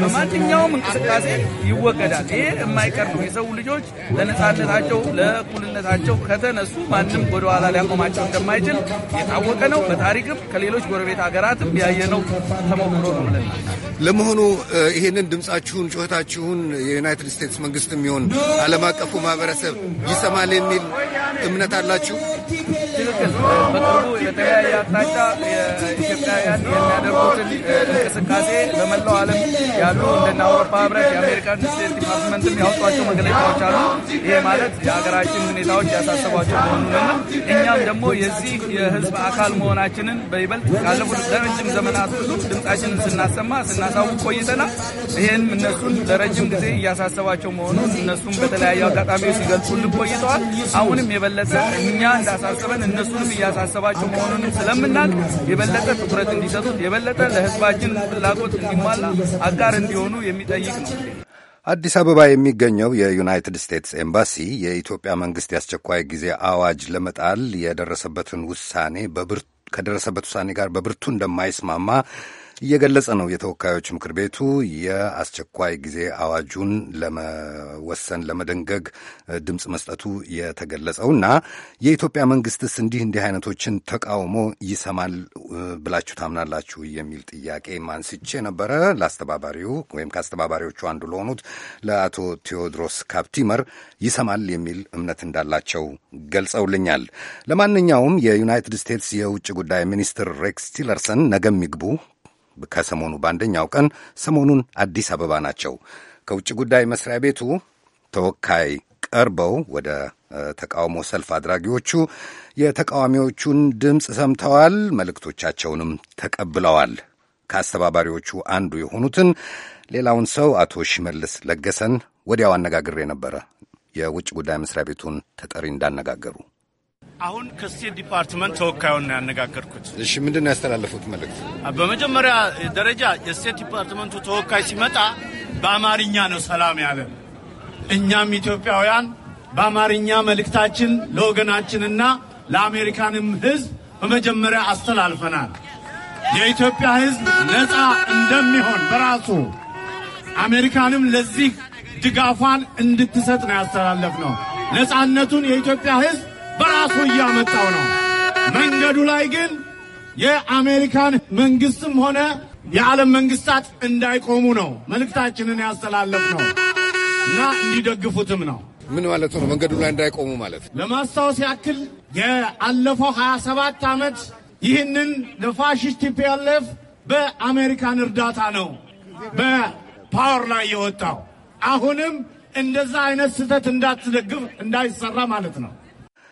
Speaker 15: በማንኛውም እንቅስቃሴ ይወገዳል። ይሄ የማይቀር ነው። የሰው ልጆች ለነፃነታቸው ለእኩልነታቸው ከተነሱ ማንም ወደኋላ ሊያቆማቸው እንደማይችል የታወቀ ነው። በታሪክም ከሌሎች ጎረቤት ሀገራትም ያየነው ተሞክሮ ነው ብለና ለመሆኑ ይህንን ድምፃችሁን፣
Speaker 14: ጩኸታችሁን የዩናይትድ ስቴትስ መንግስት የሚሆን ዓለም አቀፉ ማህበረሰብ ይሰማል
Speaker 15: የሚል እምነት አላችሁ? ትክክል። በቅርቡ በተለያየ አቅጣጫ ኢትዮጵያውያን የሚያደርጉትን እንቅስቃሴ በመላው ዓለም ያሉ እንደና አውሮፓ ህብረት የአሜሪካን ስቴት ዲፓርትመንት ያወጧቸው መግለጫዎች አሉ። ይሄ ማለት የሀገራችን ሁኔታዎች ያሳሰቧቸው መሆኑንና እኛም ደግሞ የዚህ የህዝብ አካል መሆናችንን በይበልጥ ካለፉት ለረጅም ዘመናት ብዙ ድምጻችንን ስናሰማ ስናሳውቅ ቆይተናል። ይህም እነሱን ለረጅም ጊዜ እያሳሰባቸው መሆኑን እነሱም በተለያዩ አጋጣሚዎች ሲገልጹልን ቆይተዋል። አሁንም የበለጠ እኛ እንዳሳሰበን እነሱንም እያሳሰባቸው መሆኑንም ስለምናውቅ የበለጠ ትኩረት እንዲሰጡት የበለጠ ለህዝባችን ፍላጎት እንዲሟላ አጋር እንዲሆኑ የሚጠይቅ ነው።
Speaker 14: አዲስ አበባ የሚገኘው የዩናይትድ ስቴትስ ኤምባሲ የኢትዮጵያ መንግስት የአስቸኳይ ጊዜ አዋጅ ለመጣል የደረሰበትን ውሳኔ ከደረሰበት ውሳኔ ጋር በብርቱ እንደማይስማማ እየገለጸ ነው። የተወካዮች ምክር ቤቱ የአስቸኳይ ጊዜ አዋጁን ለመወሰን ለመደንገግ ድምፅ መስጠቱ እና የኢትዮጵያ መንግስትስ እንዲህ እንዲህ አይነቶችን ተቃውሞ ይሰማል ብላችሁ ታምናላችሁ የሚል ጥያቄ ማንስቼ ነበረ። ለአስተባባሪው ወይም ከአስተባባሪዎቹ አንዱ ለሆኑት ለአቶ ቴዎድሮስ ካፕቲመር ይሰማል የሚል እምነት እንዳላቸው ገልጸውልኛል። ለማንኛውም የዩናይትድ ስቴትስ የውጭ ጉዳይ ሚኒስትር ሬክስ ቲለርሰን ነገም ይግቡ ከሰሞኑ በአንደኛው ቀን ሰሞኑን አዲስ አበባ ናቸው። ከውጭ ጉዳይ መስሪያ ቤቱ ተወካይ ቀርበው ወደ ተቃውሞ ሰልፍ አድራጊዎቹ የተቃዋሚዎቹን ድምፅ ሰምተዋል፣ መልእክቶቻቸውንም ተቀብለዋል። ከአስተባባሪዎቹ አንዱ የሆኑትን ሌላውን ሰው አቶ ሽመልስ ለገሰን ወዲያው አነጋግሬ ነበረ። የውጭ ጉዳይ መስሪያ ቤቱን ተጠሪ እንዳነጋገሩ አሁን
Speaker 5: ከስቴት ዲፓርትመንት ተወካዩን ነው ያነጋገርኩት። እሺ፣
Speaker 14: ምንድን ነው ያስተላለፉት መልእክት?
Speaker 5: በመጀመሪያ ደረጃ የስቴት ዲፓርትመንቱ ተወካይ ሲመጣ በአማርኛ ነው ሰላም ያለ። እኛም ኢትዮጵያውያን በአማርኛ መልእክታችን ለወገናችንና ለአሜሪካንም ሕዝብ በመጀመሪያ አስተላልፈናል። የኢትዮጵያ ሕዝብ ነፃ እንደሚሆን በራሱ አሜሪካንም ለዚህ ድጋፏን እንድትሰጥ ነው ያስተላለፍ ነው። ነፃነቱን የኢትዮጵያ ሕዝብ በራሱ እያመጣው ነው። መንገዱ ላይ ግን የአሜሪካን መንግስትም ሆነ የዓለም መንግስታት እንዳይቆሙ ነው መልእክታችንን
Speaker 14: ያስተላለፍ ነው እና እንዲደግፉትም ነው። ምን ማለት ነው? መንገዱ ላይ እንዳይቆሙ ማለት ለማስታወስ ያክል የአለፈው 27 ዓመት ይህንን
Speaker 5: ለፋሽስት ቲፒኤልኤፍ በአሜሪካን እርዳታ ነው በፓወር ላይ የወጣው። አሁንም እንደዛ አይነት ስህተት እንዳትደግፍ እንዳይሰራ ማለት ነው።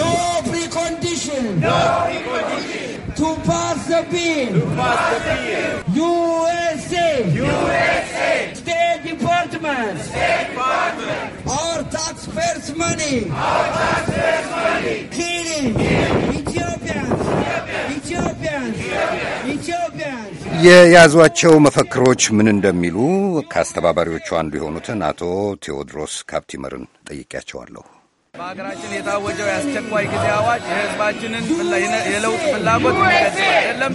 Speaker 6: No precondition. No precondition. To pass the
Speaker 15: bill. To pass the bill. USA. USA. State Department. State Department. Our taxpayers' money. Our taxpayers' money. Killing. Killing. Ethiopians. Ethiopians. Ethiopians.
Speaker 14: የያዟቸው መፈክሮች ምን እንደሚሉ ከአስተባባሪዎቹ አንዱ የሆኑትን አቶ ቴዎድሮስ ካፕቲመርን ጠይቄያቸዋለሁ።
Speaker 15: በሀገራችን የታወጀው የአስቸኳይ ጊዜ አዋጅ የህዝባችንን የለውጥ ፍላጎት የሚገልጽ አይደለም።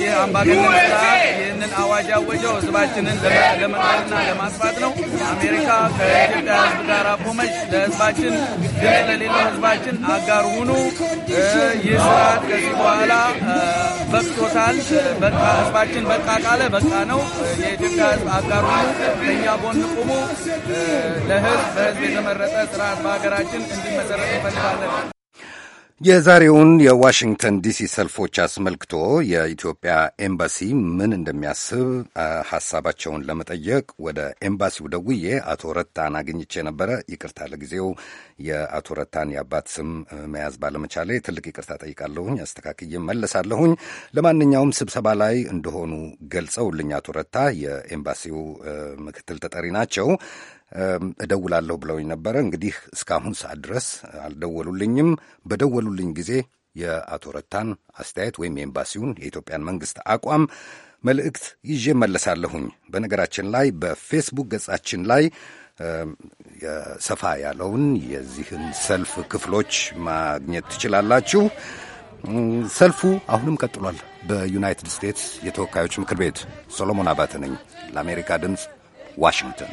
Speaker 15: ይህ አምባገነን ይህንን አዋጅ ያወጀው ህዝባችንን ለመንጠልና ለማጥፋት
Speaker 7: ነው። አሜሪካ
Speaker 15: ከኢትዮጵያ ህዝብ ጋር ቆመች። ለህዝባችን ድምፅ ለሌለው ህዝባችን አጋር ሁኑ። ይህ ስርዓት ከዚህ በኋላ በቅቶታል። በቃ በቃ ቃለ በቃ ነው። የኢትዮጵያ ህዝብ አጋር ሁኑ፣ ለእኛ ጎን ቁሙ። ለህዝብ በህዝብ የተመረጠ ስርዓት በሀገራችን እንዲመሰረት እንፈልጋለን።
Speaker 14: የዛሬውን የዋሽንግተን ዲሲ ሰልፎች አስመልክቶ የኢትዮጵያ ኤምባሲ ምን እንደሚያስብ ሀሳባቸውን ለመጠየቅ ወደ ኤምባሲው ደውዬ አቶ ረታን አግኝቼ ነበረ። ይቅርታ ለጊዜው የአቶ ረታን የአባት ስም መያዝ ባለመቻሌ ትልቅ ይቅርታ ጠይቃለሁኝ። አስተካክዬ መለሳለሁኝ። ለማንኛውም ስብሰባ ላይ እንደሆኑ ገልጸውልኝ አቶ ረታ የኤምባሲው ምክትል ተጠሪ ናቸው። እደውላለሁ ብለውኝ ነበረ። እንግዲህ እስካሁን ሰዓት ድረስ አልደወሉልኝም። በደወሉልኝ ጊዜ የአቶ ረታን አስተያየት ወይም የኤምባሲውን የኢትዮጵያን መንግስት አቋም መልእክት ይዤ መለሳለሁኝ። በነገራችን ላይ በፌስቡክ ገጻችን ላይ ሰፋ ያለውን የዚህን ሰልፍ ክፍሎች ማግኘት ትችላላችሁ። ሰልፉ አሁንም ቀጥሏል። በዩናይትድ ስቴትስ የተወካዮች ምክር ቤት ሶሎሞን አባተ ነኝ ለአሜሪካ ድምፅ
Speaker 10: ዋሽንግተን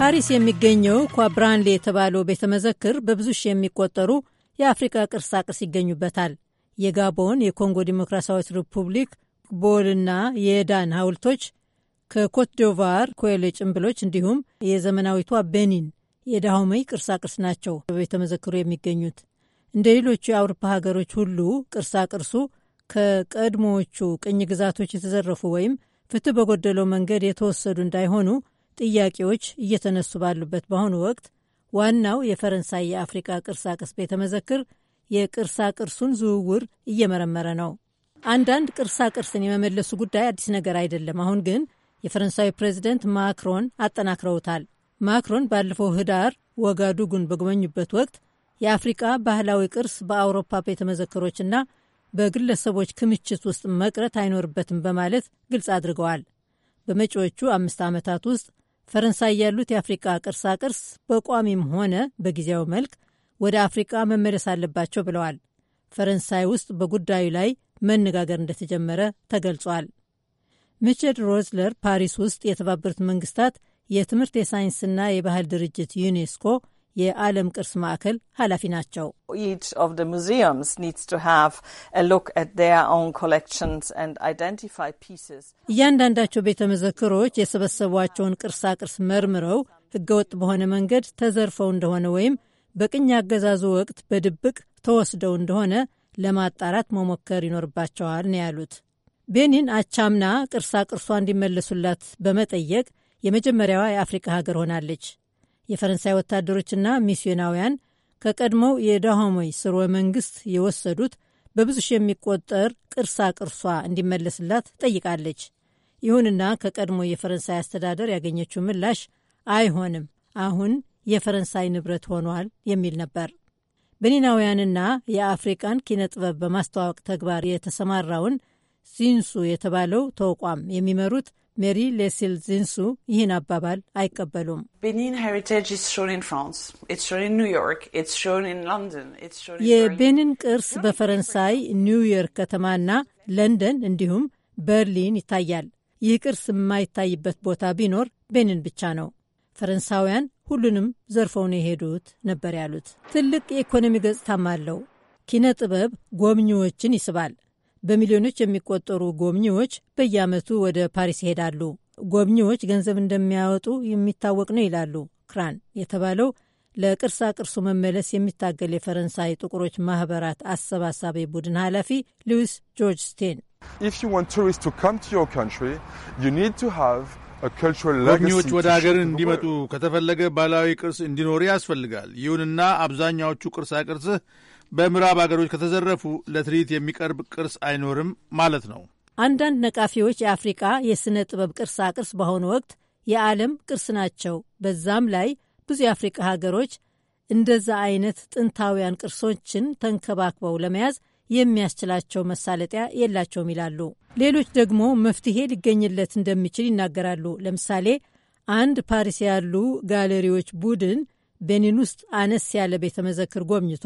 Speaker 4: ፓሪስ የሚገኘው ኳብራንሌ የተባለው ቤተ መዘክር በብዙ ሺህ የሚቆጠሩ የአፍሪካ ቅርሳቅርስ ይገኙበታል። የጋቦን፣ የኮንጎ ዲሞክራሲያዊት ሪፑብሊክ ቦልና የዳን ሐውልቶች ከኮት ኮሌ ጭንብሎች እንዲሁም የዘመናዊቷ ቤኒን የዳሆመይ ቅርሳቅርስ ናቸው በቤተ መዘክሩ የሚገኙት። እንደ ሌሎቹ የአውሮፓ ሀገሮች ሁሉ ቅርሳቅርሱ ከቀድሞዎቹ ቅኝ ግዛቶች የተዘረፉ ወይም ፍትህ በጎደለው መንገድ የተወሰዱ እንዳይሆኑ ጥያቄዎች እየተነሱ ባሉበት በአሁኑ ወቅት ዋናው የፈረንሳይ የአፍሪካ ቅርሳቅርስ ቤተ መዘክር የቅርሳቅርሱን ዝውውር እየመረመረ ነው። አንዳንድ ቅርሳቅርስን የመመለሱ ጉዳይ አዲስ ነገር አይደለም። አሁን ግን የፈረንሳዊ ፕሬዚደንት ማክሮን አጠናክረውታል። ማክሮን ባለፈው ህዳር ወጋዱጉን በጎበኙበት ወቅት የአፍሪቃ ባህላዊ ቅርስ በአውሮፓ ቤተ መዘክሮችና በግለሰቦች ክምችት ውስጥ መቅረት አይኖርበትም በማለት ግልጽ አድርገዋል። በመጪዎቹ አምስት ዓመታት ውስጥ ፈረንሳይ ያሉት የአፍሪቃ ቅርሳቅርስ በቋሚም ሆነ በጊዜያዊ መልክ ወደ አፍሪቃ መመለስ አለባቸው ብለዋል። ፈረንሳይ ውስጥ በጉዳዩ ላይ መነጋገር እንደተጀመረ ተገልጿል። ሚቸል ሮዝለር ፓሪስ ውስጥ የተባበሩት መንግስታት የትምህርት የሳይንስና የባህል ድርጅት ዩኔስኮ የዓለም ቅርስ ማዕከል ኃላፊ ናቸው። እያንዳንዳቸው ቤተ መዘክሮች የሰበሰቧቸውን ቅርሳ ቅርስ መርምረው ህገወጥ በሆነ መንገድ ተዘርፈው እንደሆነ ወይም በቅኝ አገዛዙ ወቅት በድብቅ ተወስደው እንደሆነ ለማጣራት መሞከር ይኖርባቸዋል ነው ያሉት። ቤኒን አቻምና ቅርሳ ቅርሷ እንዲመለሱላት በመጠየቅ የመጀመሪያዋ የአፍሪካ ሀገር ሆናለች። የፈረንሳይ ወታደሮችና ሚስዮናውያን ከቀድሞው የዳሆሞይ ስርወ መንግስት የወሰዱት በብዙ ሺህ የሚቆጠር ቅርሳ ቅርሷ እንዲመለስላት ጠይቃለች። ይሁንና ከቀድሞ የፈረንሳይ አስተዳደር ያገኘችው ምላሽ አይሆንም፣ አሁን የፈረንሳይ ንብረት ሆኗል የሚል ነበር። በኒናውያንና የአፍሪቃን ኪነ ጥበብ በማስተዋወቅ ተግባር የተሰማራውን ሲንሱ የተባለው ተቋም የሚመሩት ሜሪ ሌሲል ዚንሱ ይህን አባባል አይቀበሉም። የቤኒን ቅርስ በፈረንሳይ ኒውዮርክ ከተማና ለንደን እንዲሁም በርሊን ይታያል። ይህ ቅርስ የማይታይበት ቦታ ቢኖር ቤኒን ብቻ ነው። ፈረንሳውያን ሁሉንም ዘርፈው ነው የሄዱት ነበር ያሉት። ትልቅ የኢኮኖሚ ገጽታም አለው። ኪነ ጥበብ ጎብኚዎችን ይስባል። በሚሊዮኖች የሚቆጠሩ ጎብኚዎች በየዓመቱ ወደ ፓሪስ ይሄዳሉ። ጎብኚዎች ገንዘብ እንደሚያወጡ የሚታወቅ ነው ይላሉ ክራን የተባለው ለቅርሳ ቅርሱ መመለስ የሚታገል የፈረንሳይ ጥቁሮች ማህበራት አሰባሳቢ ቡድን ኃላፊ ሉዊስ ጆርጅ ስቴን።
Speaker 5: ጎብኚዎች ወደ ሀገር እንዲመጡ ከተፈለገ ባህላዊ ቅርስ እንዲኖር ያስፈልጋል። ይሁንና አብዛኛዎቹ ቅርሳ ቅርስህ በምዕራብ አገሮች ከተዘረፉ ለትርኢት የሚቀርብ ቅርስ አይኖርም ማለት ነው።
Speaker 4: አንዳንድ ነቃፊዎች የአፍሪቃ የሥነ ጥበብ ቅርሳ ቅርስ በአሁኑ ወቅት የዓለም ቅርስ ናቸው። በዛም ላይ ብዙ የአፍሪቃ ሀገሮች እንደዛ አይነት ጥንታውያን ቅርሶችን ተንከባክበው ለመያዝ የሚያስችላቸው መሳለጥያ የላቸውም ይላሉ። ሌሎች ደግሞ መፍትሄ ሊገኝለት እንደሚችል ይናገራሉ። ለምሳሌ አንድ ፓሪስ ያሉ ጋለሪዎች ቡድን ቤኒን ውስጥ አነስ ያለ ቤተ መዘክር ጎብኝቶ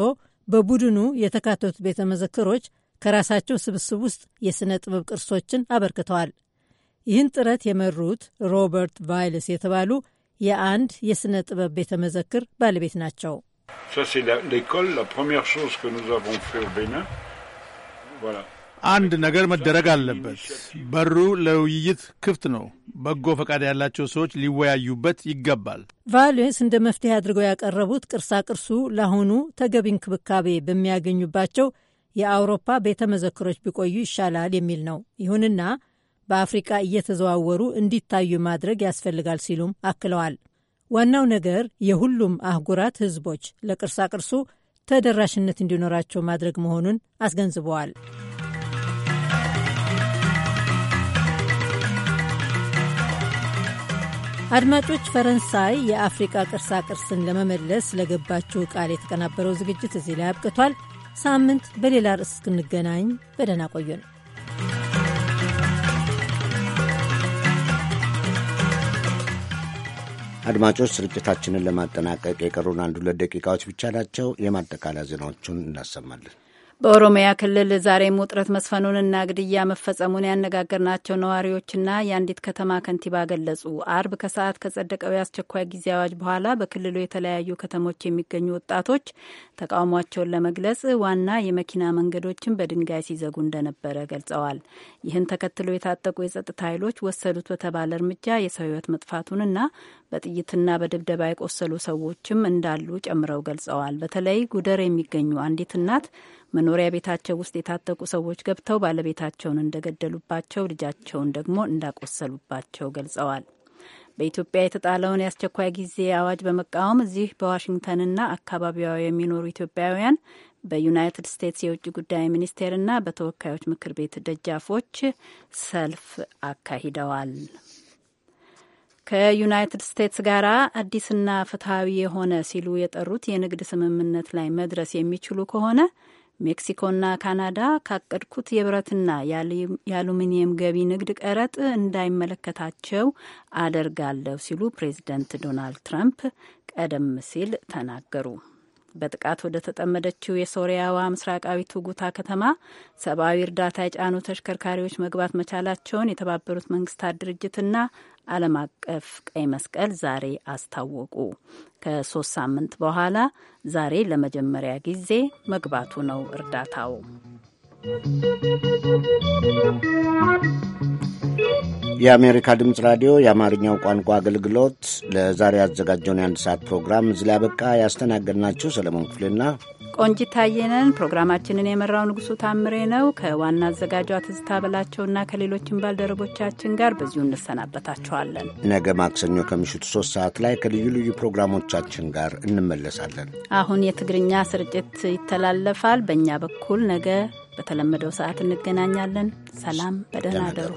Speaker 4: በቡድኑ የተካተቱት ቤተ መዘክሮች ከራሳቸው ስብስብ ውስጥ የሥነ ጥበብ ቅርሶችን አበርክተዋል። ይህን ጥረት የመሩት ሮበርት ቫይልስ የተባሉ የአንድ የሥነ ጥበብ ቤተ መዘክር ባለቤት ናቸው።
Speaker 12: ሳ ሌኮል ላ ፕሮሚየር ሾዝ ከ ኑዝ አቮን ፌ ቤኒን
Speaker 4: አንድ ነገር መደረግ አለበት።
Speaker 5: በሩ ለውይይት ክፍት ነው። በጎ ፈቃድ ያላቸው ሰዎች ሊወያዩበት ይገባል።
Speaker 4: ቫሌንስ እንደ መፍትሄ አድርገው ያቀረቡት ቅርሳቅርሱ ለአሁኑ ተገቢ እንክብካቤ በሚያገኙባቸው የአውሮፓ ቤተ መዘክሮች ቢቆዩ ይሻላል የሚል ነው። ይሁንና በአፍሪቃ እየተዘዋወሩ እንዲታዩ ማድረግ ያስፈልጋል ሲሉም አክለዋል። ዋናው ነገር የሁሉም አህጉራት ህዝቦች ለቅርሳቅርሱ ተደራሽነት እንዲኖራቸው ማድረግ መሆኑን አስገንዝበዋል። አድማጮች፣ ፈረንሳይ የአፍሪቃ ቅርስን ለመመለስ ለገባችው ቃል የተቀናበረው ዝግጅት እዚህ ላይ አብቅቷል። ሳምንት በሌላ ርዕስ እስክንገናኝ በደህና ቆዩን።
Speaker 1: አድማጮች ስርጭታችንን ለማጠናቀቅ የቀሩን አንድ ሁለት ደቂቃዎች ብቻ ናቸው። የማጠቃለያ ዜናዎቹን እናሰማለን።
Speaker 3: በኦሮሚያ ክልል ዛሬም ውጥረት መስፈኑንና ግድያ መፈጸሙን ያነጋገርናቸው ነዋሪዎችና የአንዲት ከተማ ከንቲባ ገለጹ። አርብ ከሰዓት ከጸደቀው የአስቸኳይ ጊዜ አዋጅ በኋላ በክልሉ የተለያዩ ከተሞች የሚገኙ ወጣቶች ተቃውሟቸውን ለመግለጽ ዋና የመኪና መንገዶችን በድንጋይ ሲዘጉ እንደነበረ ገልጸዋል። ይህን ተከትሎ የታጠቁ የጸጥታ ኃይሎች ወሰዱት በተባለ እርምጃ የሰው ሕይወት መጥፋቱንና በጥይትና በድብደባ የቆሰሉ ሰዎችም እንዳሉ ጨምረው ገልጸዋል። በተለይ ጉደር የሚገኙ አንዲት እናት መኖሪያ ቤታቸው ውስጥ የታጠቁ ሰዎች ገብተው ባለቤታቸውን እንደገደሉባቸው፣ ልጃቸውን ደግሞ እንዳቆሰሉባቸው ገልጸዋል። በኢትዮጵያ የተጣለውን የአስቸኳይ ጊዜ አዋጅ በመቃወም እዚህ በዋሽንግተንና አካባቢዋ የሚኖሩ ኢትዮጵያውያን በዩናይትድ ስቴትስ የውጭ ጉዳይ ሚኒስቴርና በተወካዮች ምክር ቤት ደጃፎች ሰልፍ አካሂደዋል። ከዩናይትድ ስቴትስ ጋር አዲስና ፍትሐዊ የሆነ ሲሉ የጠሩት የንግድ ስምምነት ላይ መድረስ የሚችሉ ከሆነ ሜክሲኮና ካናዳ ካቀድኩት የብረትና የአሉሚኒየም ገቢ ንግድ ቀረጥ እንዳይመለከታቸው አደርጋለሁ ሲሉ ፕሬዚደንት ዶናልድ ትራምፕ ቀደም ሲል ተናገሩ። በጥቃት ወደ ተጠመደችው የሶሪያዋ ምስራቃዊ ጉታ ከተማ ሰብአዊ እርዳታ የጫኑ ተሽከርካሪዎች መግባት መቻላቸውን የተባበሩት መንግስታት ድርጅትና ዓለም አቀፍ ቀይ መስቀል ዛሬ አስታወቁ። ከሶስት ሳምንት በኋላ ዛሬ ለመጀመሪያ ጊዜ መግባቱ ነው እርዳታው።
Speaker 1: የአሜሪካ ድምፅ ራዲዮ የአማርኛው ቋንቋ አገልግሎት ለዛሬ ያዘጋጀውን የአንድ ሰዓት ፕሮግራም እዚህ ላይ ያበቃ። ያስተናገድናችሁ ሰለሞን ክፍሌና
Speaker 3: ቆንጂት ታየነን ፕሮግራማችንን የመራው ንጉሱ ታምሬ ነው። ከዋና አዘጋጇ ትዝታ በላቸውና ከሌሎችን ባልደረቦቻችን ጋር በዚሁ እንሰናበታችኋለን።
Speaker 1: ነገ ማክሰኞ ከምሽቱ ሶስት ሰዓት ላይ ከልዩ ልዩ ፕሮግራሞቻችን ጋር እንመለሳለን።
Speaker 3: አሁን የትግርኛ ስርጭት ይተላለፋል። በእኛ በኩል ነገ በተለመደው ሰዓት እንገናኛለን። ሰላም፣ በደህና አደሩ።